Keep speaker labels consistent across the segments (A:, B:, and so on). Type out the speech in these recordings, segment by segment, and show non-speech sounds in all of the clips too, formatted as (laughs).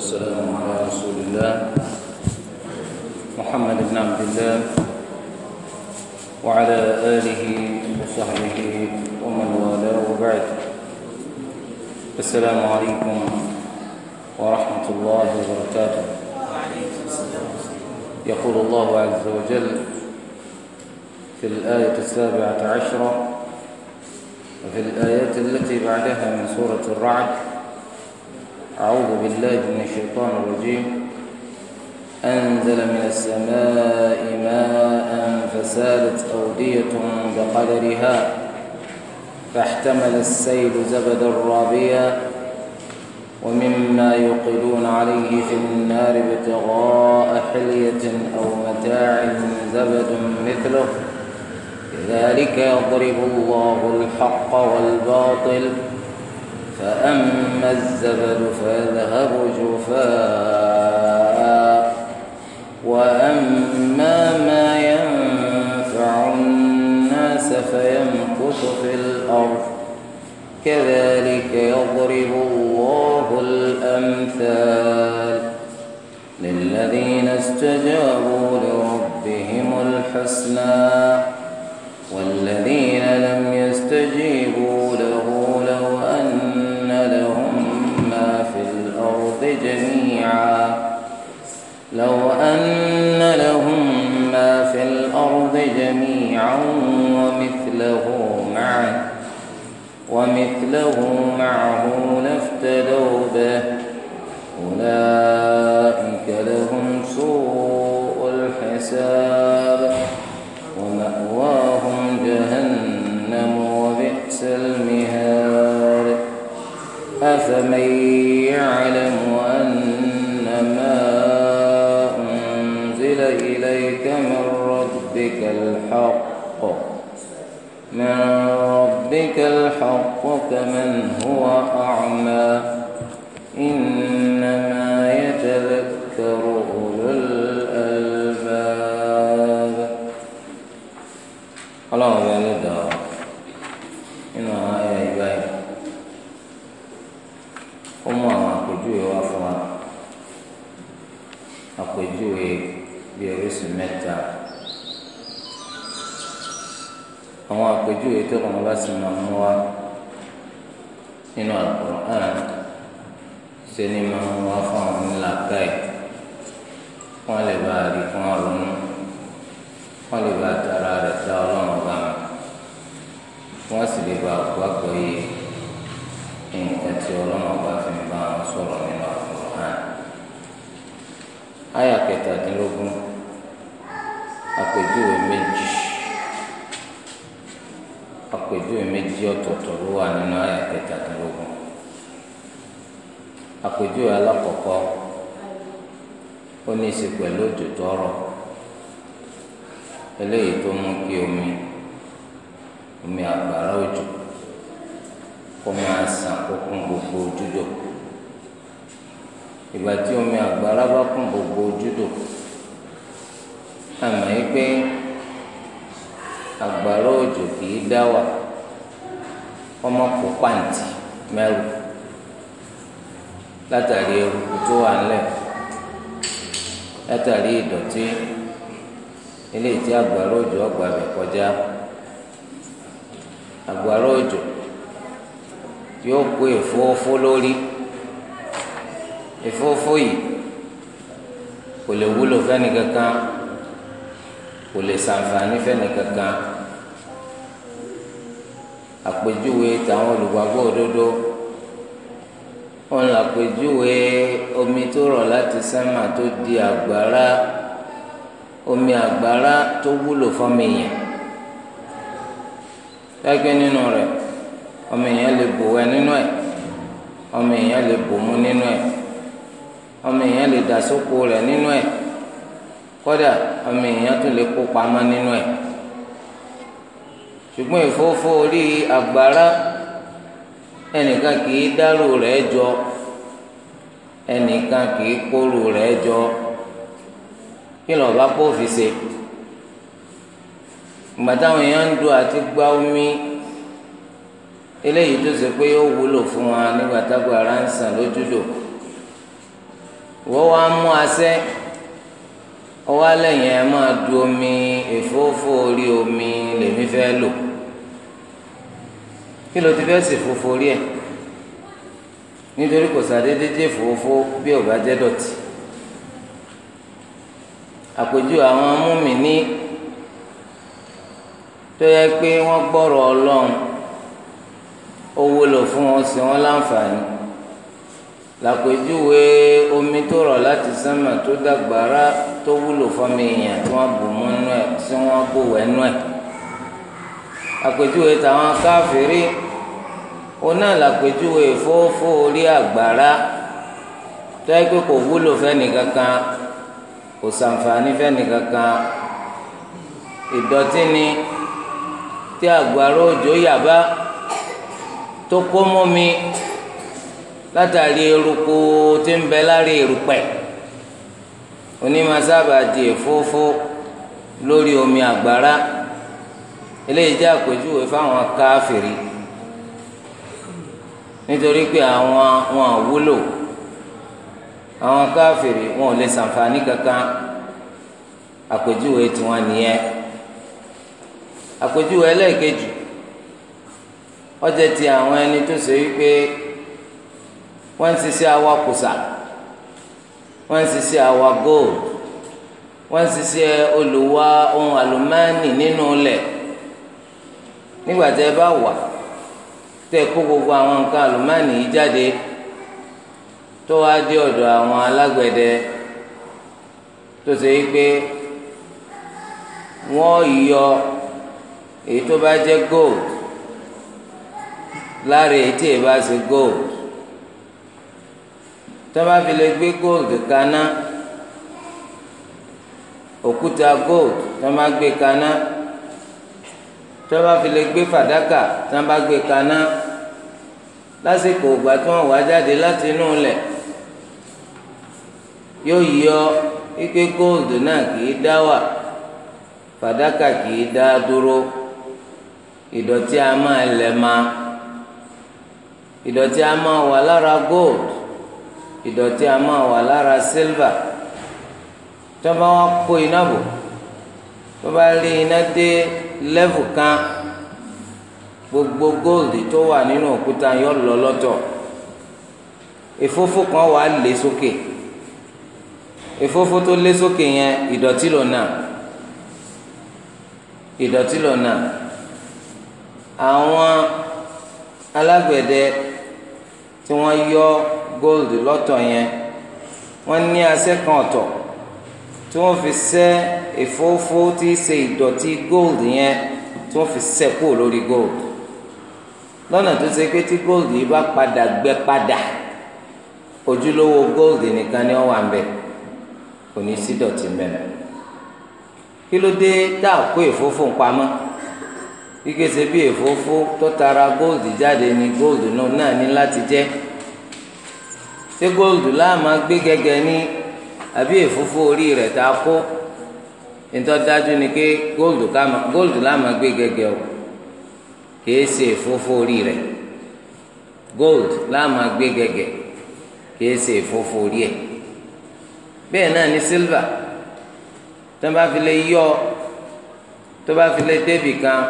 A: والسلام على رسول الله محمد بن عبد الله وعلى آله وصحبه ومن والاه وبعد السلام عليكم ورحمة الله وبركاته يقول الله عز وجل في الآية السابعة عشرة وفي الآيات التي بعدها من سورة الرعد أعوذ بالله من الشيطان الرجيم أنزل من السماء ماء فسالت أودية بقدرها فاحتمل السيل زبد رابيا ومما يقلون عليه في النار ابتغاء حلية أو متاع زبد مثله ذلك يضرب الله الحق والباطل فأما الزبد فيذهب جفاء وأما ما ينفع الناس فيمكث في الأرض كذلك يضرب الله الأمثال للذين استجابوا لربهم الحسنى والذين ومثله معه ومثله معه لافتدوا به أولئك لهم سوء الحساب ومأواهم جهنم وبئس المهاد أفمن يعلم أن ما أنزل إليك من ربك الحق من ربك الحق كمن هو أعمى إنما يتذكر أولو الألباب الله àwọn àpèjúwe tó kàn bá sì máa mú wa nínú Al-Qur'an ṣe ni máa mú wa fún àwọn ńlá káì wọn lè bá a rí fún àrùn wọn lè bá a tara rẹ̀ dá Ọlọ́run bá wọn wọn sì lè bá a gbàgbọ́ nǹkan tí ọlọ́run ọba fi bá wọn sọ̀rọ̀ nínú àfọ̀hán. àyà kẹtàdínlógún àpèjúwe méjì. méjì ọ̀tọ̀ọ̀tọ̀ ló wà nínú àyà kẹtàdínlógún àpèjúwe alákọ̀ọ́kọ́ ó ní í ṣe pẹ̀lú òjò tó rọ̀ eléyìí tó mú kí omi omi àgbàrá òjò kó máa sàn kó kún gbogbo ojúdò ìgbà tí omi àgbàrá bá kún gbogbo ojúdò àmọ́ yìí pé àgbàrá òjò kì í dá wà ọmọ kó pàǹtì mẹ́rù látàrí eruku tó wà ńlẹ̀ látàrí ìdọ̀tí ilé tí agbára òjò ọgbà mi kọjá agbára òjò yóò kó èfófó lórí èfófó yìí kò lè wúlò fẹ́ni kankan kò lè ṣàǹfààní fẹ́ni kankan àpèjúwe tàwọn olùgbàgbọ́ òdodo wọn là àpèjúwe omi tó rọ̀ láti sánmà tó di àgbàrá omi àgbàrá tó wúlò fọ́mìyàn gbẹgbẹ nínú rẹ̀ ọmọ èèyàn lè bò wẹ̀ nínú ẹ̀ ọmọ èèyàn lè bò mu nínú ẹ̀ ọmọ lè dà sóko rẹ̀ nínú ẹ̀ kódà ọmọ tún lè kó pamọ́ nínú ẹ̀ ṣùgbọ́n ìfófó orí àgbàrá ẹnìkan kì í dárò rẹ̀ jọ ẹnìkan kì í kóró rẹ̀ jọ kí lọ́ọ́ bá kó fi ṣe ìgbà táwọn èèyàn ń do àti gba omi eléyìí tó ṣe pé ó wúlò fún wa nígbà tágbà ara ń sàn lójúdò wọ́n wá mú asẹ́ ọwọ́ alẹ́ yẹn máa du omi èfófó orí omi lèmi fẹ́ lò kí ló ti fẹ́ ṣe fòfò rí ẹ̀ nítorí kò sàdédé jẹ́ fòfò bí ò bá jẹ́ dọ̀tí àpèjú àwọn múmi-ní tó yẹ pé wọ́n gbọ́rọ̀ ọlọ́run owó lò fún wọn sí wọn láǹfààní làpèjúwe omi tó rọ̀ láti sánmà tó dàgbàrá tó wúlò fọmọ èèyàn tí wọ́n bù mú nú ẹ̀ tí wọ́n bù wẹ́nú ẹ̀ àpèjúwe tàwọn káfíìrì òun náà làpèjúwe fófó orí àgbàrá tó yẹ pé kò wúlò fẹ́ni kankan kò sàǹfààní fẹ́ni kankan ìdọ̀tí ni tí àgbàrá òjò yàbá tó kó mọ́ mi látàrí eruku tí ń bẹ lárí erùpẹ̀ onímọ̀ sábà di èfófó lórí omi àgbàrá eléyìí jẹ́ àpèjúwe fáwọn káfìrí nítorí pé àwọn wọn àwúlò àwọn káfìrí wọn ò lè ṣàǹfààní kankan àpèjúwe tiwọn nìyẹn àpèjúwe ẹlẹ́ẹ̀kejì ó jẹ́ ti àwọn ẹni tó ṣe wípé wọ́n ń ṣiṣẹ́ awakùsà wọ́n ń ṣiṣẹ́ awa gold wọ́n ń ṣiṣẹ́ olùwà ohun àlùmáànì nínú ilẹ̀. nígbà tẹ ẹ bá wà tẹ kó gbogbo àwọn nǹkan àlùmáàní yìí jáde tó wá dé ọ̀dọ̀ àwọn alágbẹ̀dẹ tó ṣe é pé wọ́n yọ èyí tó bá jẹ́ gold lára èyí tí èyí bá ṣe gold tó bá fi lè gbé gold kaná òkúta gold tó má gbé kaná. tí wọ́n bá fi lè gbé fàdákà tí wọ́n bá gbé kaná lásìkò ìgbà tí wọ́n wá jáde láti inú ilẹ̀ yóò yọ ike góòlù náà kìí dá wà fàdákà kìí dá dúró ìdọ̀tí a máa lẹ̀ máa ìdọ̀tí a máa wà lára gold ìdọ̀tí a máa wà lára silver tó bá wọn kó iná bò tó bá rí iná dé lẹ́vù kan gbogbo góòlì tó wà nínú òkúta yọ lọ lọ́tọ̀ ìfófó kan wà lé sókè ìfófó tó lé sókè yẹn ìdọ̀tí lò náà ìdọ̀tí lò náà àwọn alágbẹ̀dẹ tí wọ́n yọ góòlì lọ́tọ̀ yẹn wọ́n ní asẹ́ kan ọ̀tọ̀ tí wọ́n fi sẹ́ èfófó tí ṣe ìdọ̀tí gold yẹn tí wọ́n fi sẹ́ kúrò lórí gold lọ́nà tó ṣe pé tí gold yìí bá padà gbẹ padà ojúlówó gold nìkan ni wọ́n wà ń bẹ̀ kò ní sí dọ̀tí mẹ́rin kí ló dé tá a kó pamọ́ bí tó tara gold jáde ni gold náà ní láti jẹ́ ṣé gold láà ma gbé gẹ́gẹ́ ní. àbí èfófó orí rẹ̀ tá a kó ntọ́ dájú ni pé góòlù láàmà gbé gẹ́gẹ́ o kìí ṣe èfófó orí rẹ̀ góòlù láàmà gbé gẹ́gẹ́ kìí ṣe èfófó orí ẹ̀ bẹ́ẹ̀ náà ni silva tó bá fi lè yọ tó bá fi lè débì kan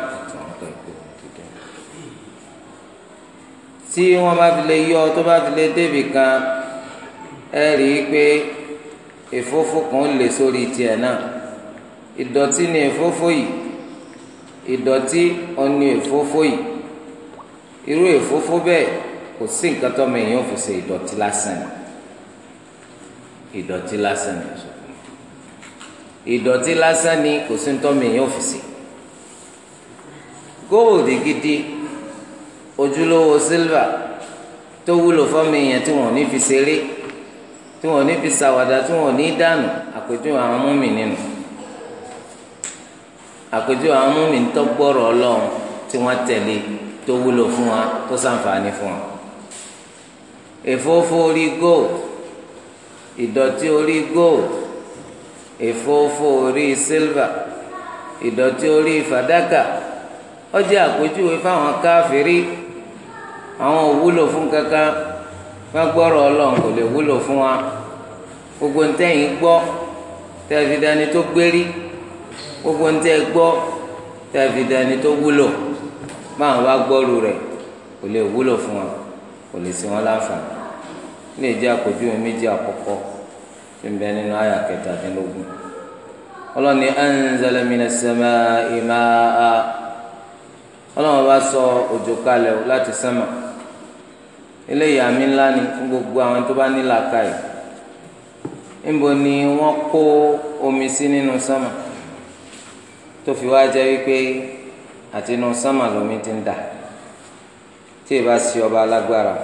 A: tí wọ́n bá fi lè yọ tó bá fi lè débì kan ẹ rí i pé èfófó kan lè sórí tiẹ̀ náà ìdọ̀tí ni èfófó yìí ìdọ̀tí ọ̀ni èfófó yìí irú èfófó bẹ́ẹ̀ kò sí nǹkan tó mẹ́yìn yóò fi ṣe ìdọ̀tí lásán ni ìdọ̀tí lásán ni ìdọ̀tí lásán ni kò sí nǹkan tó mẹ́yìn yóò fi ṣe góòdì gidi ojúlówó sílvà tó wúlò fọ́mìyàn tí wọ́n ní fi ṣeré tí wọn ò ní fi ṣàwàdà tí wọn ò ní dànù àpèjúwe àwọn múmi nínú àpèjúwe àwọn múmi tó gbọ́rọ̀ Ọlọ́run tí wọ́n tẹ̀lé tó wúlò fún wa tó ṣàǹfààní fún wa. èfófó orí gold ìdọ̀tí orí gold èfófó orí silver ìdọ̀tí orí fàdákà ó jẹ́ àpèjúwe fáwọn káfírí àwọn ò wúlò fún kankan wọn gbọ́rọ̀ ọlọ́run kò lè wúlò fún wa gbogbo ntẹ́yìn gbọ́ tẹ́fìdání tó gbérí gbogbo ntẹ́ gbọ́ tẹ́fìdání tó wúlò máa wá gbọ́rù rẹ̀ kò lè wúlò fún wa kò lè sí wọn láǹfààní lè jẹ́ àpèjúwe méjì àkọ́kọ́ tí ń bẹ nínú àyà kẹtàdínlógún ọlọ́ni anzala minas samaa'i ma'a ọlọ́run bá sọ òjò kalẹ̀ láti sánmà. eléyìí àmì ńlá ni fún gbogbo àwọn tó bá ní làákàyè níbo ni wọn kó omi sí nínú sánmà tó fi wá jẹ́ wípé àti inú sánmà lomi ti ń dà tí ì bá sí ọba alágbára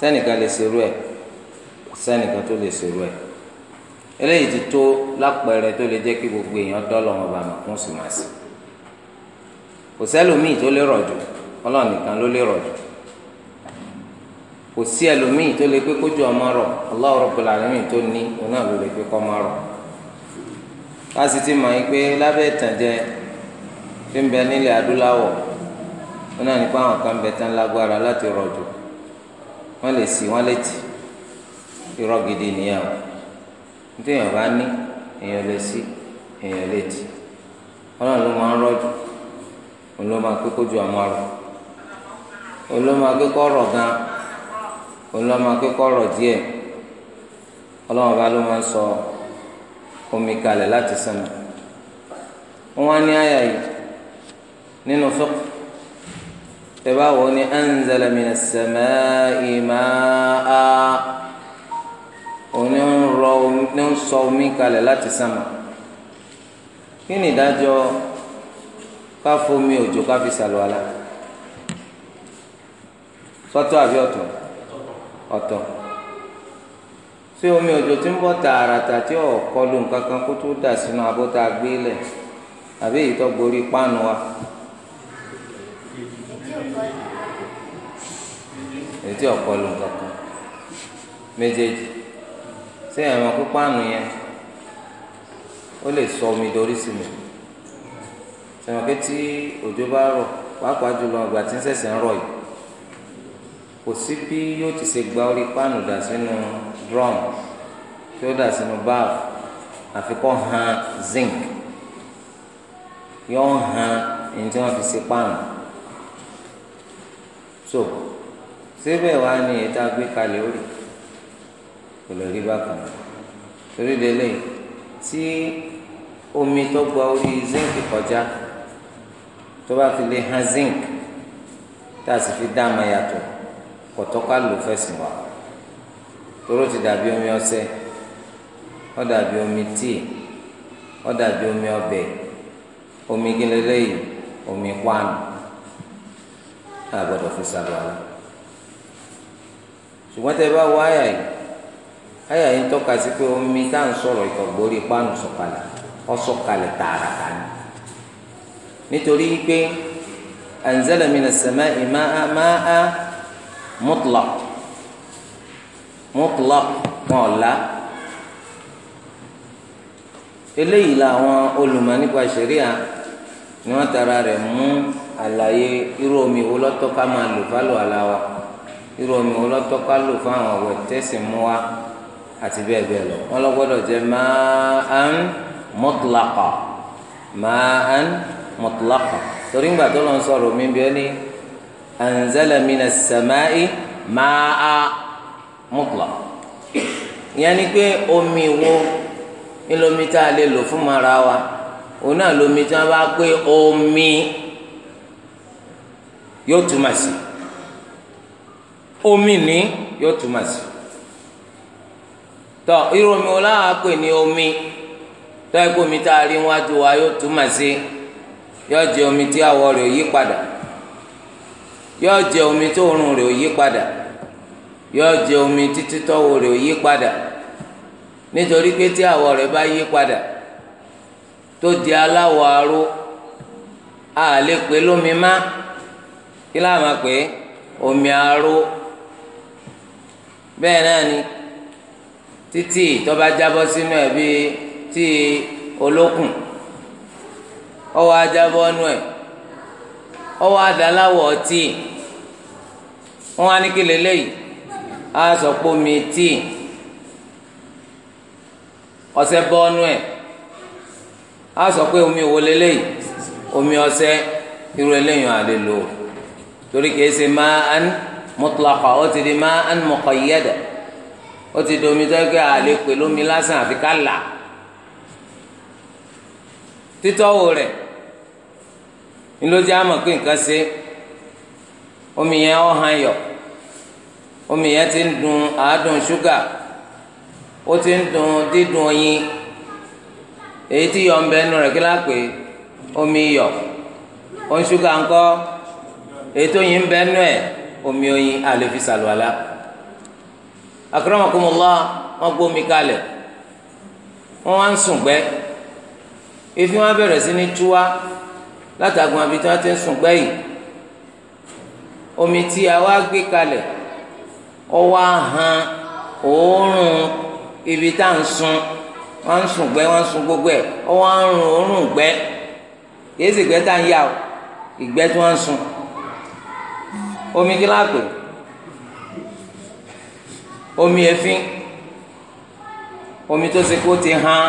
A: sẹ́nìkan lè ṣerú ẹ̀ sẹ́nìkan tó lè ṣerú ẹ̀ eléyìí ti tó lápẹẹrẹ gbogbo èèyàn dọ́lọ̀ wọn bá màkún sùn màsì kò sẹ́lòmíì tó lè rọ̀jò ọlọ́ọ̀nìkan ló lè kò sí ẹlòmíì tó lè pé kójú ọmọ rọ̀ Allahu Rabbul Alamin tó ní òun náà ló lè pé kọ́ ọmọ ti mọ̀ yín pé lábẹ́ ìtànjẹ fi ń bẹ nílẹ̀ adúláwọ̀ wọn náà nípa àwọn kan bẹ tán lágbára láti rọ̀jò wọn lè sí wọn létí irọ́ gidi nìyẹn o nítorí èèyàn bá ní èèyàn lè sí èèyàn létí ọlọ́run ló máa ń rọ́jò òun ló máa pé kójú ọmọ olùlọ́mọ akẹ́kọ̀ọ́ ọ̀rọ̀ díẹ̀ ọlọ́mọ bá ló máa ń sọ omi kalẹ̀ láti sánà wọn á ní àyà yìí nínú fiqh tẹ́bá wọ ni anzala minas samaa'i òní ń rọ ní ń sọ omi kalẹ̀ láti sánà kí ni ìdájọ́ ká òjò ká fi sàlùwàlà àbí ọ̀tọ̀ ọ̀tọ̀ ṣé omi òjò tí ń bọ̀ tààràtà tí ò kọlu kan kó tó dà sínú abọ́ta gbélẹ̀ àbí èyí tó gborí páànù wa èyí tí ò kọlu nǹkan kan méjèèjì ṣé ẹ̀rọ kó páànù yẹn ó lè sọ omi dorí sí mi ṣèwọ̀n pé tí òjò bá rọ̀ pàápàá jùlọ ìgbà tí ń ṣẹ̀ṣẹ̀ ń rọ̀ yìí kò sí bí yóò ti ṣe gba orí páànù dà sínú drum tí ó dà sínú baff àfikọ́ han zinc yóò han ẹni tí wọ́n fi ṣe páànù so síbẹ̀ wá ní ìta gbé kalẹ̀ orí kò lè rí bákan torí lélẹ̀ tí omi tó gba orí zinc kọjá tó bá fi lè han zinc tá a sì fi dá àmà yàtọ̀ kọtọka lò fẹsìn wa tóró ti dàbí omi ọṣẹ ó dàbí omi tíì ó dàbí omi ọbẹ̀ omi gẹlẹlẹ yìí omi kwanu a gbọ́dọ̀ fi sàlùwàlà ṣùgbọ́n tẹ bá wọ àyà yìí àyà yìí ń tọ́ka sí pé omi tá à sọ̀rọ̀ ìkọ̀gbórí kwanu sọ̀kalẹ̀ ọsọ̀kalẹ̀ tààràtà ni nítorí pé anzala minas sama'i ma'a ma'a mutlaq mutlaq wọn ọ̀la eléyìí làwọn olùmọ̀ nípa ṣẹ̀ríà ni wọ́n tara rẹ̀ mú àlàyé irú omi wo lọ́tọ́ ká máa lò fálò àlá wa irú omi wo lọ́tọ́ ká lò fáwọn ọ̀wẹ̀ tẹ̀sìn mú wa àti bẹ́ẹ̀ bẹ́ẹ̀ lọ wọ́n lọ gbọ́dọ̀ jẹ́ máa ń mutlaqa máa torí ń gbà tó lọ sọ̀rọ̀ mi bí ẹni. anzala mina samai maa mutlaq ìyẹn ni omi wo ní lomi tá a lè lò fún mara wa òun lomi tí wọn bá omi yóò túmọ̀ omi ni yóò túmọ̀ si, tọ irú omi wo láwọn pè ni omi tọ́ ikomi omi tá a rí wájú wa yóò túmọ̀ sí yóò omi ti àwọ̀ rẹ̀ yi pada. yóò jẹ omi tó òórùn rẹ̀ yí padà yóò jẹ omi títí tọ́wọ́ rẹ̀ yí padà nítorí pé tí àwọ̀ rẹ̀ bá yí padà tó di aláwọ̀ aró a lè pè lómi má kí láà máa pè omi aró bẹ́ẹ̀ náà ni títí tó jábọ́ sínú ẹ̀ bíi tí olókùn ọwọ́ ajábọ́ nú ẹ̀ ọwọ́ àdáláwọ̀ ọtí wọn á ní kí lélẹ́yìí á sọ pé omi tíì ọṣẹ bọ́ọ̀nù ẹ̀ á sọ pé omi wo lélẹ́yìí omi ọṣẹ irú eléyìí á lè lò ó torí kìí ṣe máa án mutlaqa ó ti di máa án muqayyada ó ti di omi tó yẹ kí lè pè lómi lásán àfi ká là títọ́wò rẹ̀ ńlọdí àmọ́ pé nǹkan ṣe omi yẹn ó hàn yọ omi yẹn ti dun dùn àádùn ṣúgà ó ti ń dùn dídùn oyin èyí tí yọ ń bẹ nù rẹ̀ kí láà pé omi yọ oyin ṣúgà ńkọ́ èyí tó yin ń bẹ nù omi oyin àlè fi sàlùwàlà akramakumullah wọn gbómi kalẹ̀ wọn wá ń sùn gbẹ efi wọn bẹ̀rẹ̀ sí ní látàgùn àbí tí wọ́n ti ń sùn gbẹ́yìn omi tí a wá gbé kalẹ̀ ó wá han òórùn ibi tá à ń sun wọ́n ń sùn gbẹ́ wọ́n ń sun gbogbo ẹ̀ ó wá ń rùn òórùn gbẹ́ kìí sì gbẹ́ tá à ń yà o ìgbẹ́ tí wọ́n ń sun omi kí omi èéfín omi tó ṣe kó ti han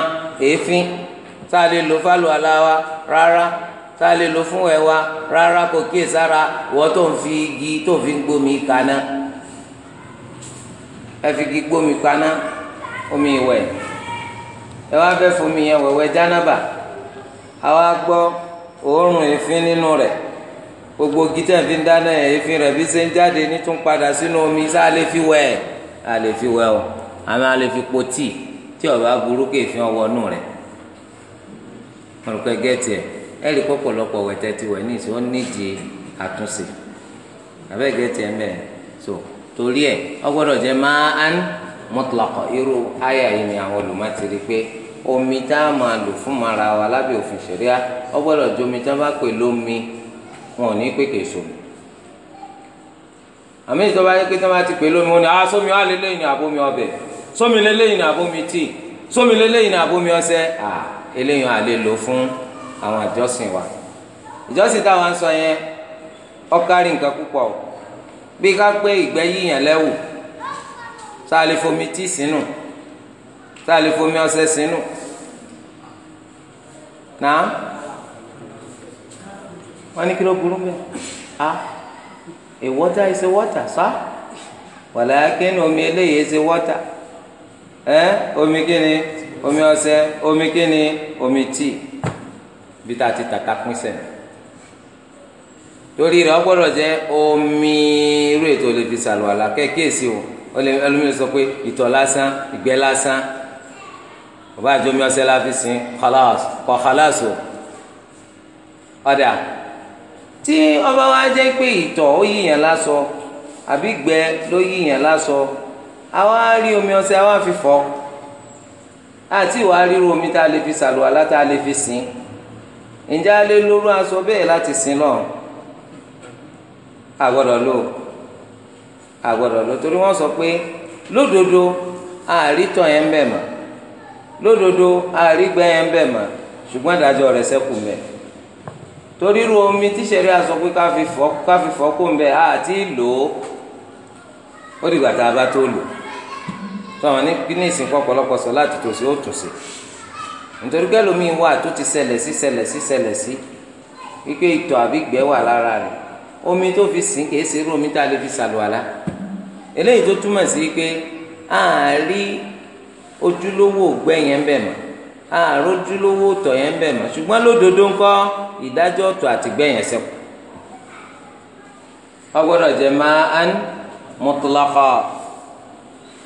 A: èéfín tá a lè lò fálù aláwa rárá tá a lè lo fún ẹ wa rárá kò kíyè sára wọ́n tó ń fi igi tó ń fi gbómi kaná ẹ fi igi gbómi kaná omi ìwẹ̀ ẹ wá fẹ́ fomi yẹn wẹ̀wẹ̀ jánábà gbọ́ òórùn ìfín nínú rẹ̀ gbogbo gítẹ̀ fi ń dáná ẹ̀ bí ń jáde padà sínú omi sá a fi wẹ̀ ẹ̀ a lè fi wẹ̀ àmì a lè fi po tíì tí ọba burúkú ọwọ́ nù rẹ̀ ẹ̀rí pọ̀pọ̀lọpọ̀ wẹ̀ tẹ́tí wẹ̀ ní ìsìn ó nídìí àtúnṣe so torí ẹ̀ ọgbọ́dọ̀ jẹ́ máa án mọ́tòlákọ̀ irú àyà yìí ni àwọn olùmọ̀ ti rí omi tá a máa lò fún mara wa lábẹ́ òfin ṣẹ̀ríà ọgbọ́dọ̀ omi tá a bá pè lómi wọn ò ní pè kè ti pè lómi ni ah sómi lélẹ́yìn àwọn àjọsìn wa ìjọsìn táwọn sọ yẹn ọkárí nǹkan púpọ̀ o bí ká pé ìgbẹ́ yíyàn lẹ́wù tá a lè fomi tí sínú tá a lè fomi ọṣẹ sínú náà wọn ní kí ló burú bẹ́ẹ̀ a a water is a water sá omi eléyìí is a water omi kíni omi bí tá a ti tàka pín sẹ́ni torí rẹ̀ ọgbọ́dọ̀ jẹ́ omi irú ètò lè fi sàlùwàlà kẹ́kẹ́sì o ẹlòmíràn sọ pé ìtọ̀ lásán ìgbẹ́ lásán bàbá àjọmí ọsẹ la fi sin kọ khalas o ọ̀dà tí ọba wa jẹ́ pé ìtọ̀ ó yíyàn lásọ àbí gbẹ́ ló yíyàn lásọ àwa rí omi ọsẹ àwa fi fọ àti ìwà ríru omi tá a lè fi sàlùwàlà tá a lè fi sìn ǹjẹ́ a lè lóru aṣọ bẹ́ẹ̀ láti sin lọ àgbọ̀dọ̀ lò àgbọ̀dọ̀ lò torí wọ́n sọ pé lódodo àárítọ̀ yẹn ń bẹ̀ mọ́ lódodo àárígbẹ́ yẹn ń bẹ̀ mọ́ ṣùgbọ́n ìdájọ́ rẹ̀ sẹ́kù mẹ́ torí ru omi tíṣẹ̀rí aṣọ pé ká fi fọ́ kó ń bẹ̀ àti lò ó ó dìgbà tá a bá tó lò tó àwọn ní ìsìnkú ọ̀pọ̀lọpọ̀ sọ láti tòsí ó tòsí nítorí kẹlòmí wà tó ti ṣẹlẹ̀ sí ṣẹlẹ̀ sí ṣẹlẹ̀ sí wípé ìtọ̀ àbí ìgbẹ́ wà lára rẹ̀ omi tó fi sìn kìí ṣe irú omi tá a lè fi ṣàlùwàlá eléyìí tó túmọ̀ sí pé àárí ojúlówó ògbẹ́ yẹn bẹ̀ mọ́ àárò ojúlówó ọ̀tọ̀ yẹn bẹ̀ mọ́ ṣùgbọ́n lódodo ńkọ́ ìdájọ́ ọ̀tọ̀ àtìgbẹ́ yẹn ṣẹ́kù ọgbọ́dọ̀ jẹ́ máa ń mutlaqa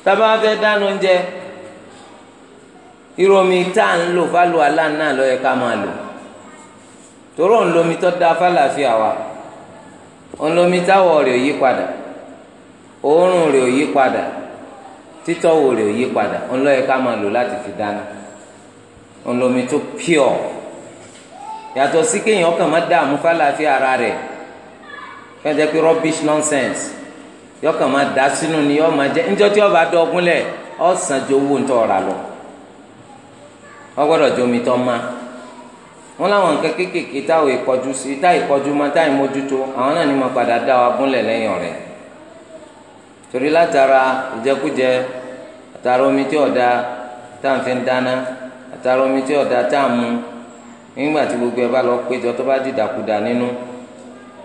A: tábà fẹ́ dáná oúnjẹ iromi omi tá à ń lò fálù aláǹnà ló yẹ ká máa lò tòró ń lomi tó da fálàfíà wa ń lomi táwọ̀ rẹ̀ ò yí padà òórùn rẹ̀ ò yí padà títọ́wò rẹ̀ ò yí padà ń ká máa lò láti fi dáná ń lomi tó pure yàtọ̀ sí kéèyàn kàn má dààmú fálàfíà ara rẹ̀ kẹjẹ pé rubbish nonsense yọkàn má dá sínú ni yọ má jẹ níjọ́ tí ọba dọ̀gúnlẹ̀ ọ̀sán jowó ń tọ̀ ọ̀rà lọ. wọ́n gbọ́dọ̀ jomi tọ́ ma wọ́n láwọn nǹkan kéékèèké táwọn ìkọjú sí táwọn ìkọjú ma táwọn mójútó àwọn náà ni mo padà dá wa gúnlẹ̀ lẹ́yìn ọ̀rẹ́ torí látara ìjẹkújẹ àtàrà omi tí ọ̀dà táwọn fi ń dáná àtàrà omi tí ọ̀dà táwọn mu nígbà tí gbogbo ẹ bá lọ péjọ tó bá dìdàkudà nínú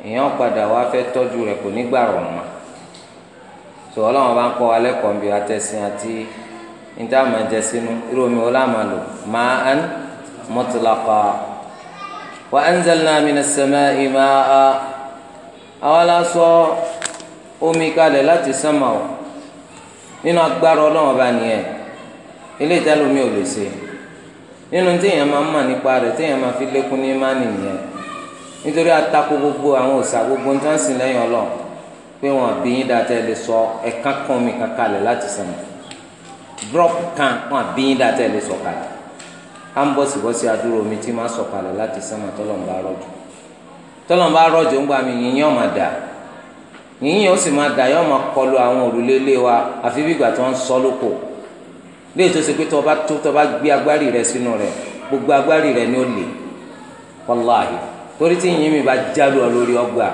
A: èèyàn padà wá fẹ́ tọ́jú kò níta máa jẹ sínú irú omi wọn láàmà lò ma'an mutlaqa wa anzalna minas sama'i ma'a àwọn aláṣọ omi kalẹ̀ láti sánmà o nínú agbára ọlọ́wọ́n bá nìyẹn ilé ìtàlómi ò lè ṣe nínú téèyàn máa ń mọ̀ nípa rẹ̀ téèyàn máa fi lékún ní ìmánì nìyẹn nítorí atako gbogbo àwọn òòṣà gbogbo nítorí sìn lẹ́yìn ọlọ́ pé wọ́n bí yín dáadáa lè sọ ẹ̀ka kan omi kankalẹ̀ láti sánmà drop kan wọn àbí yín dáa tẹ́lẹ̀ sọ̀kalẹ̀ à ń bọ̀sibọ̀si adúrò omi tí máa sọ̀kalẹ̀ láti sánmà tọ́lọ̀mbà rọ̀jò tọ́lọ̀mbà rọ̀jò ń gbà mí yìnyín ọ̀mà dà yìnyín ó sì máa dà yọ̀ ọ̀mà kọlu àwọn òrùlé ilé wa àfi bí ìgbà tí wọ́n ń sọ lóko léyìí tó ṣe pé tọba tó tọba gbé agbárí rẹ sínú rẹ gbogbo agbárí rẹ ni ó lè wàláhì torí tí yìnyín mi bá jálù ọ lórí ọgbà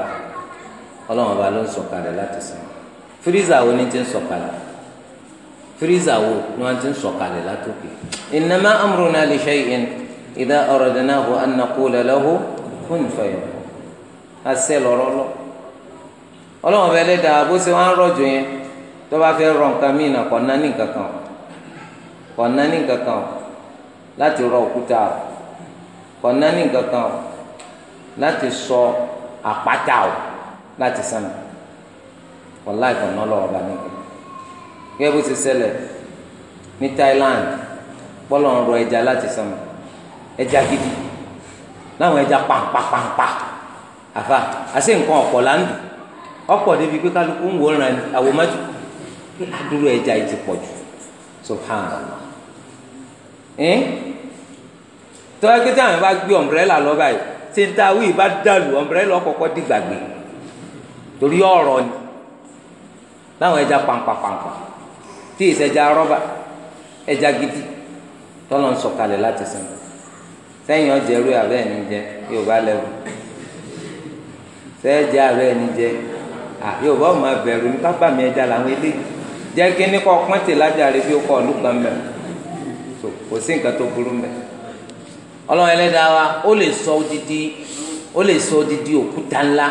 A: ọlọ́run ló ń sọ̀kalẹ̀ láti sàn fírísà wo ni ti ń sọ̀kalẹ̀ fírísà wo ni wọ́n ti ń sọ̀kalẹ̀ látòkè innama amruna li shay'in idha aradnahu an naqula lahu kun fayakun asẹ́ lọ́rọ́ lọ ọlọ́wọ́n bẹ lẹ́dà bó ṣe wọ́n á rọ̀jò yẹn tó bá fẹ́ rọ nǹkan míì náà kọ̀ nání kankan kọ̀ nání kankan láti rọ òkúta o nání kankan láti sọ àpáta o láti sànà wọ́n lọ́wọ́ bá nìkan gẹ́gẹ́ bó ti ṣẹlẹ̀ ní Thailand pọ́lọ̀ ń rọ ẹja láti sánmọ̀ ẹja gidi láwọn ẹja pàǹpàǹpà àfa àṣẹ nǹkan ọ̀pọ̀ là ń dùn ọ̀pọ̀ débi pé kálukú ń wòran àwòmájú dúró ẹja yìí ti pọ̀ jù subhanallah ẹ́n tọ́wọ́ pé táwọn bá gbé ọ̀mbrẹ́là lọ báyìí tí n ta wíì bá dàlù ọ̀mbrẹ́là ọ̀kọ̀ọ̀kọ̀ dìgbàgbé torí ọ̀rọ̀ ni láwọn ẹja pàǹpàǹpà. tí ìṣẹ̀jà rọ́bà ẹja gidi tọ́lọ̀ ń láti sẹ́yìn sẹ́yìn ọ̀jẹ̀ rú abẹ́ ẹni jẹ Yorùbá lẹ́wọ̀ sẹ́ẹ̀jẹ̀ ẹni jẹ Yorùbá ní pápá mi ẹja làwọn ilé jẹ́ kí ní bí ó kọ́ ọ̀lùkọ́ kò sí nǹkan tó wa ó lè sọ odidi ó lè sọ odidi òkúta ńlá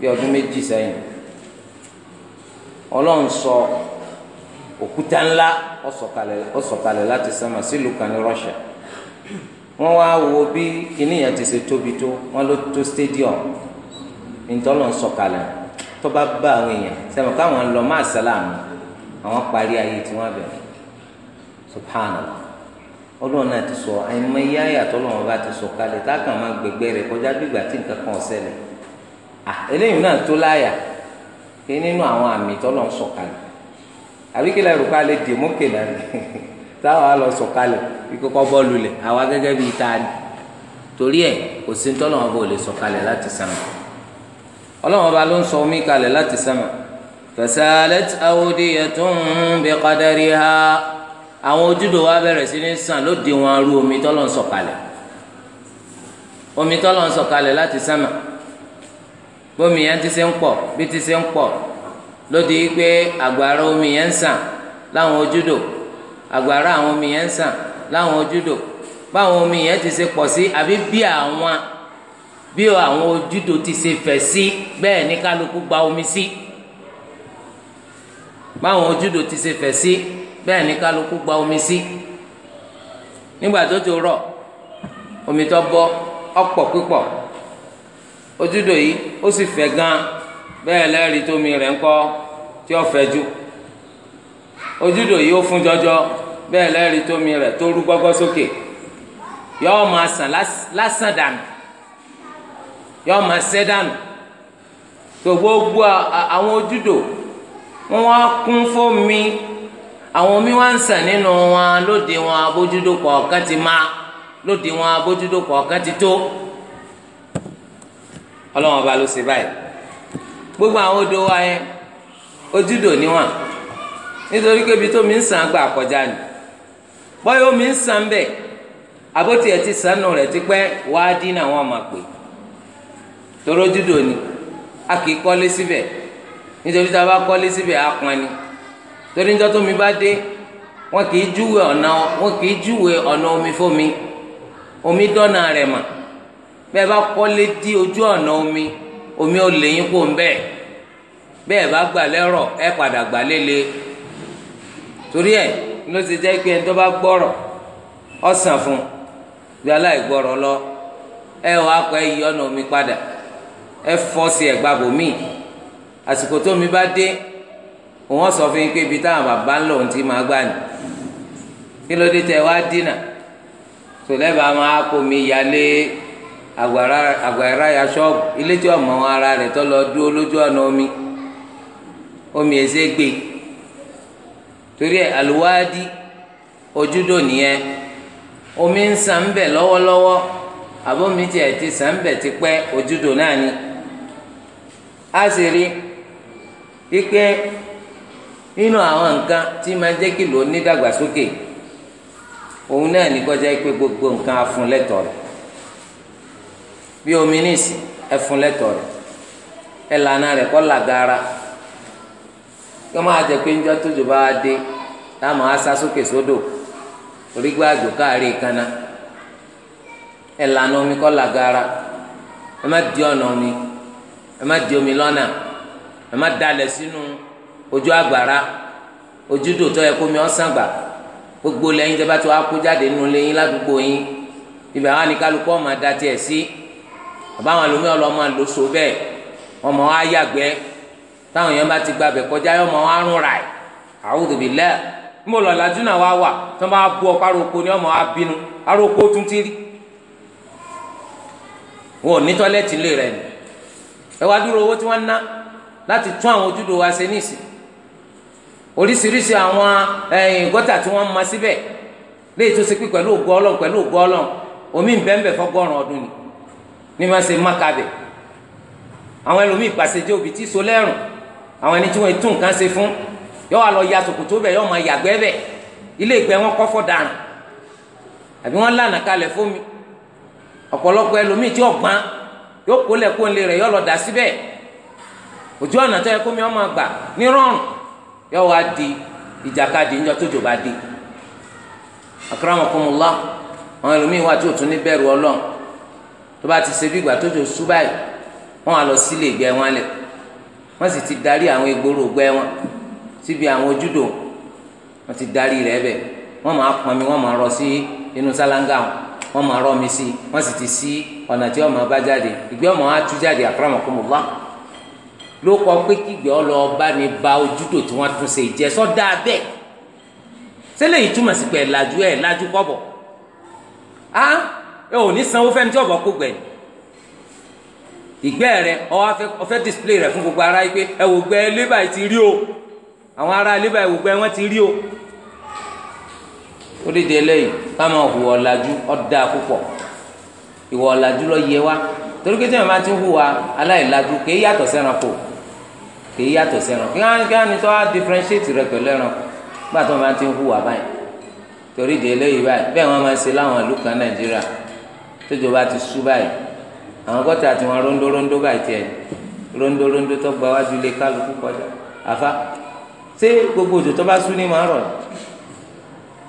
A: bí ọdún méjì sẹ́yìn ọlọ́run sọ òkúta ńlá ó sọ̀kalẹ̀ láti sánmà sílùú kan ní Russia wọ́n wá wo bí kìnìyàn ti ṣe tóbi tó wọ́n ló tó stadium ntọ́lọ̀ ń sọ̀kalẹ̀ tó bá bá àwọn èèyàn sẹ́mi káwọn ń lọ máa sálàmù àwọn parí ayé tí wọ́n bẹ̀rẹ̀ subhanallah ọlọ́run náà ti sọ àìmọye ayé àtọ́lọ́wọ́n bá ti sọ̀kalẹ̀ tá a kàn máa gbẹgbẹ́ rẹ̀ kọjá bí ìgbà tí nǹkan kan ọ̀sẹ̀ lẹ̀ Ah, eléyìí náà tó láyà pé nínú àwọn àmì tọ́lọ̀ ń sọ̀kalẹ̀ àbí kí lẹ́rù ká lè dèmó kèlà (laughs) táwọn á lọ sọ̀kalẹ̀ kíkọ́ kọ́ bọ́ọ̀lù lẹ̀ àwa gẹ́gẹ́ bíi ta ni torí ẹ̀ kò sí tọ́lọ̀ wọn bò lè sọ̀kalẹ̀ láti sánmà ọlọ́wọ́n ba ló ń sọ omi kalẹ̀ láti sánmà fasalat awdiyatun biqadariha àwọn ojúdò wa bẹ̀rẹ̀ sí ní sàn lóde wọn ru omi tọ́lọ̀ ń sọ̀kalẹ̀ omi tọ́lọ̀ ń sọ̀kalẹ̀ láti sánmà bómi yẹn ti ṣe ń pọ̀ bí ti ṣe ń pọ̀ lóde pé àgbàrá omi yẹn ń sàn láwọn ojúdò àgbàrá àwọn omi yẹn ń sàn láwọn ojúdò báwọn omi yẹn ti ṣe pọ̀ sí àbí bí àwọn bí àwọn ojúdò ti ṣe fẹ̀ sí bẹ́ẹ̀ ní kálukú gba omi sí báwọn ojúdò ti ṣe fẹ̀ sí bẹ́ẹ̀ ní kálukú gba omi sí nígbà tó ti rọ̀ omi tó bọ́ ọ̀pọ̀ pípọ̀ ojúdò yìí ó sì fẹ̀ gan bẹ́ẹ̀ lẹ́rìí tómi rẹ̀ ń kọ́ tí ó fẹ̀ jù ojúdò yìí ó fún jọjọ bẹ́ẹ̀ lẹ́rìí tómi rẹ̀ tó rú gbọ́gbọ́ sókè yọ́ọ́ máa sàn lásán dànù yọ́ọ́ máa sẹ́ dànù tó gbogbo àwọn ojúdò wọn wá kún fómi àwọn omi wá ń sàn nínú wọn lóde wọn abójúdò kọ̀ọ̀kan ti máa lóde wọn abójúdò kọ̀ọ̀kan ti tó. ọlọ́wọ́n ọba ló ṣe báyìí gbogbo àwọn odò wa yẹn ojúdò níwọ̀n nítorí pé ibi tó mi ń sàn gbà kọjá ni bọ́yá omi ń sàn bẹ́ẹ̀ àbótí ẹ̀ ti sànù rẹ̀ ti pẹ́ wáá dín náà wọ́n máa pè ojúdò ni a kì í kọ́lé síbẹ̀ nítorí tá a bá kọ́lé síbẹ̀ á pọn ni torí níjọ́ tó mi bá dé wọn kì í júwe ọ̀nà omi dọ́nà rẹ̀ bẹ́ẹ̀ bá kọ́lé dí ojú ọ̀nà omi omi ò lè yín kó ń bẹ́ẹ̀ bẹ́ẹ̀ bá gbà lẹ́rọ̀ ẹ padà gbà lélẹ̀ torí ẹ̀ ló ti jẹ́ pé ẹni tó bá gbọ́rọ̀ ọ̀sàn fún bí aláìgbọ́rọ̀ lọ omi padà ẹ fọ́ sí ẹ̀gbá bòmíì àsìkò tó mi bá dé òun sọ fún yín pé ibi táwọn bàbá ń ti máa gbà àgbàrá ya ṣọ́ọ̀bù ilé tí ọmọ ara rẹ tó lọ dúró lójú omi omi ẹsẹ̀ gbé torí ẹ̀ àlùwádìí ojúdò omi ń sàn ń bẹ̀ lọ́wọ́lọ́wọ́ ti sàn ń ojúdò náà ni a sì rí nínú àwọn nǹkan tí ma jẹ́ kí lò ó ní gbogbo nǹkan rẹ̀ bí omi ní ẹfun lẹtọ rẹ ẹlànà rẹ kọ làgàrà kí wọn máa jẹ pé njọ tójú bá dé táwọn á sókè sódò orígbà àjò káàrí kaná ẹlànà omi kọ ẹ má ọ̀nà omi ẹ má di omi lọ́nà ẹ má dalẹ̀ sínú ojú àgbàrá gbogbo lẹ́yìn tẹ́ bá tó kó jáde nínú lẹ́yìn ládùúgbò yín ibà wà ní ọ̀ máa ọba àwọn àlùmí ọlọmọ àlòsò bẹ́ẹ̀ ọmọ wa yàgbẹ́ táwọn èèyàn bá ti gba abẹ kọjá yọ ọmọ wa rún ra ẹ a'udhu billah mo lọ làjú bu ọkọ ni ọmọ wa bínú aróko tún ti rí wọn ò ní tọ́lẹ́tì lè rẹ̀ ni ẹ wá dúró owó tí ná láti tún àwọn ojúdo wa ṣe oríṣiríṣi àwọn gọ́tà tí wọ́n ń ma síbẹ̀ ní ma ṣe mákàbẹ àwọn ẹlòmíì pàṣẹjẹ òbí tí so lẹrùn àwọn ẹni tí wọn tún nǹkan ṣe fún yọ wà lọ ya sòkòtò bẹ yọ ma yàgbẹ́ bẹ ilé ìgbẹ́ wọn kọfọ dànù àbí wọn lànà kalẹ̀ fún mi ọ̀pọ̀lọpọ̀ ẹlòmíì tí ọgbọ́n yóò kó o kó ń lè rẹ yọ lọ dà síbẹ̀ ojú ọ̀nà tó yẹ kó mi ọmọ àgbà ní yọ di ìjàkadì níjọ tó di akramakumullah àwọn ẹlòmíì wà tí ò tó bá ti ṣe bí ìgbà tó jò sú báyìí wọ́n á lọ sílé ìgbẹ́ wọn lẹ̀ wọ́n sì ti darí àwọn egboro ìgbẹ́ wọn síbi àwọn ojúdò wọ́n ti darí rẹ̀ bẹ̀ wọ́n máa pọnmi wọ́n máa rọ sí inú sálángà wọn máa rọ mi sí wọ́n sì ti sí ọ̀nà tí wọ́n máa bá jáde ìgbẹ́ wọn á tú jáde àkàràmọ̀kọ́mọ̀lá ló kọ pé kígbẹ́ ọ lọ bá ní ba ojúdò tí wọ́n tún ṣe ìjẹ́ sọ́dá bẹ́ẹ̀ sẹ́lẹ̀ ìtumọ̀ sí pé ẹ̀ ẹ̀ lajú kọ́bọ̀ á ẹ ò ní sanwó fẹ́ni tí ọ̀bọ̀ kó gbẹ̀yìn ìgbẹ́ rẹ ọfẹ́ display rẹ fún gbogbo ara yìí pé ẹ wò gbẹ lébà ti rí o àwọn ará lébà ẹ wò gbẹ wọn ti rí o ó dìde lẹ́yìn káma hùwà ọ̀làjú ọ̀dà púpọ̀ ìwà ọ̀làjú lọ yẹ wa torí pé tí wọn bá ti hùwà aláìlájú kì í yàtọ̀ sẹ́ranko kì í yàtọ̀ sẹ́ranko kí wọn kí wọn tó wá differentiate rẹ pẹ̀lú ẹranko gbà tí wọn bá ti hùwà báyìí torí dìde lẹ́yìn báyìí bẹ́ẹ̀ wọn máa ń ṣe láwọn ìlú kan Nàìjíríà tójò bá ti sú báyìí àwọn gọ́tà tí wọ́n rondo rondo báyìí tiẹ̀ rondo rondo tó gba wájú ilé kálukú kọjá àfa ṣé gbogbo òjò tó bá sú ní máa rọ̀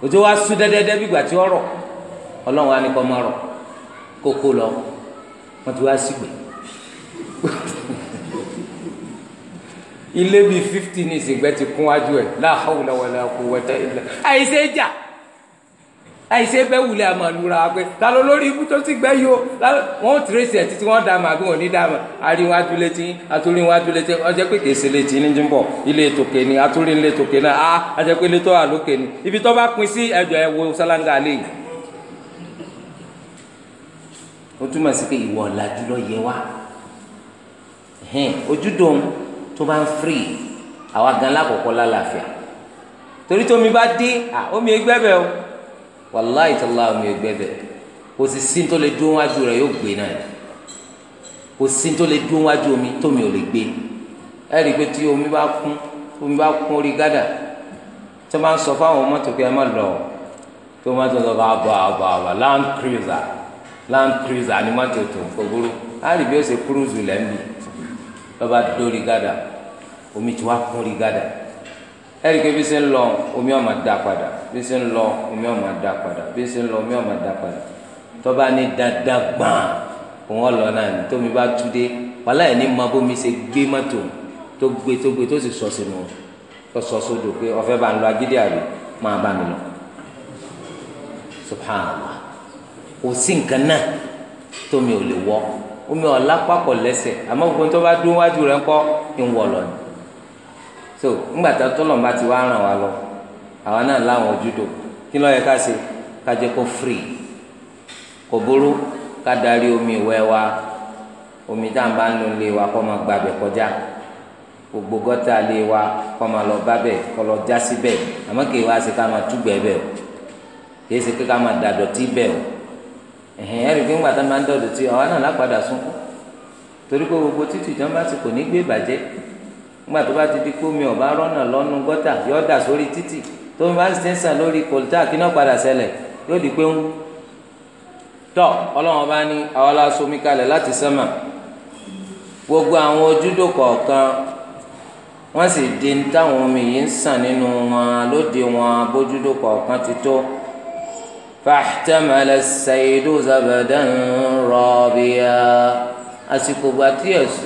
A: òjò wá sú dẹ́dẹ́dẹ́ bí ìgbà tí ó rọ̀ ọlọ́run wa ni kò máa rọ̀ kókó lọ wọ́n ti wá sígbè ilé bíi fifty ní ìsìngbẹ́ ti kún wájú ẹ̀ la hawla wala quwwata illa àìsè jà àìsè bẹ́ẹ̀ wulẹ̀ àmàlùra pé ta ló lórí ibú tó ti gbẹ́ yìí o wọ́n ò tírèsì ẹ̀ títí wọ́n dààmú àbí wọ́n ní dààmú àríwá adúlé tí àtúríwá adúlé tí ọjọ́ pé kèsì lè tì ní jùmbọ̀ ilé tòkè ni àtúrí ilé tòkè náà á ah, àjẹ́ pé ilé tó wà lókè ni ibi tó bá pin sí ẹjọ́ ẹ wo sálángà lè yìí. ó túmọ̀ sí pé ìwọ ọ̀làjú lọ yẹ wá ojúdòun tó bá ń firi àwa gan lákòókò lálàáfíà torí tómi bá dé omi ẹgbẹ́ bẹ́ẹ̀ o wàláì tó la omi ẹgbẹ bẹ kò sì sí tó lè dúró wájú rẹ yóò gbé náà kò sí tó lè dúró wájú omi tómi ò lè gbé ẹ rí i pé tí omi bá kún omi bá kún orí gádà tó máa ń sọ fáwọn mọ́tò pé ẹ má lọ tó máa ń sọ bá bá bá bá land cruiser land cruiser ni mọ́tò tó ń fọgbóró á rí bí ó ṣe kúrúùsù lẹ́ńbì lọ́ba dórí gádà omi tí wàá kún orí gádà ẹ rí i pé bí ṣe ń lọ omi ọ̀ma dá padà bí ṣe ń lọ omi ọmọ da padà bí ṣe ń lọ omi ọmọ da padà tọ́ba ní dandan gbọ̀n òun ọ̀lọ́ náà ní tómi bá tú dé wàhálà ẹ̀ ní ma bómi ṣe gbé mọ́tò tó gbé tó gbé tó sì sọ sínú tó sọ sódò pé ọ̀fẹ́ bá ń lọ agídí àrè máa bá mi lọ subhanallah kò sí nǹkan náà tómi ò lè wọ́ omi ọ̀la pápọ̀ lẹ́sẹ̀ àmọ́ gbogbo tó bá dún wájú rẹ̀ ń kọ́ ń wọ̀ lọ ni so ńgbà tó tọ́lọ̀ bá ti wá ràn wá lọ awa náà láwọn ojúdò kí ló yẹ ká ṣe ká jẹ́ kò burú ká darí omi ìwẹ̀ wa omi tá à ń bá wa kó máa kọjá gbogbo gọ́tà wa lọ bábẹ̀ lọ já síbẹ̀ àmọ́ kì í wá sí ká máa o kì í ṣe ká o ẹ̀hìn ẹ̀rì kí ń gbà tá máa ń àwa náà lápadà torí pé gbogbo ìjọba ti kò ní gbé bàjẹ́ ńgbà tó ti tómi bá sì ti ń sàn lórí kòlítà kí náà padà ṣẹlẹ̀ yóò di pé ń tọ Ọlọ́run bá ní àwọn aláṣomi kalẹ̀ láti sánmà gbogbo àwọn ojúdò kọ̀ọ̀kan wọ́n sì di ń táwọn omi yìí ń sàn nínú wọn lóde wọn bójúdò kọ̀ọ̀kan ti tó fàtẹ́mẹ́lẹ́ ṣẹ́yìdó zàbẹ̀dẹ́ ń rọ̀ bíyà àsìkò gbà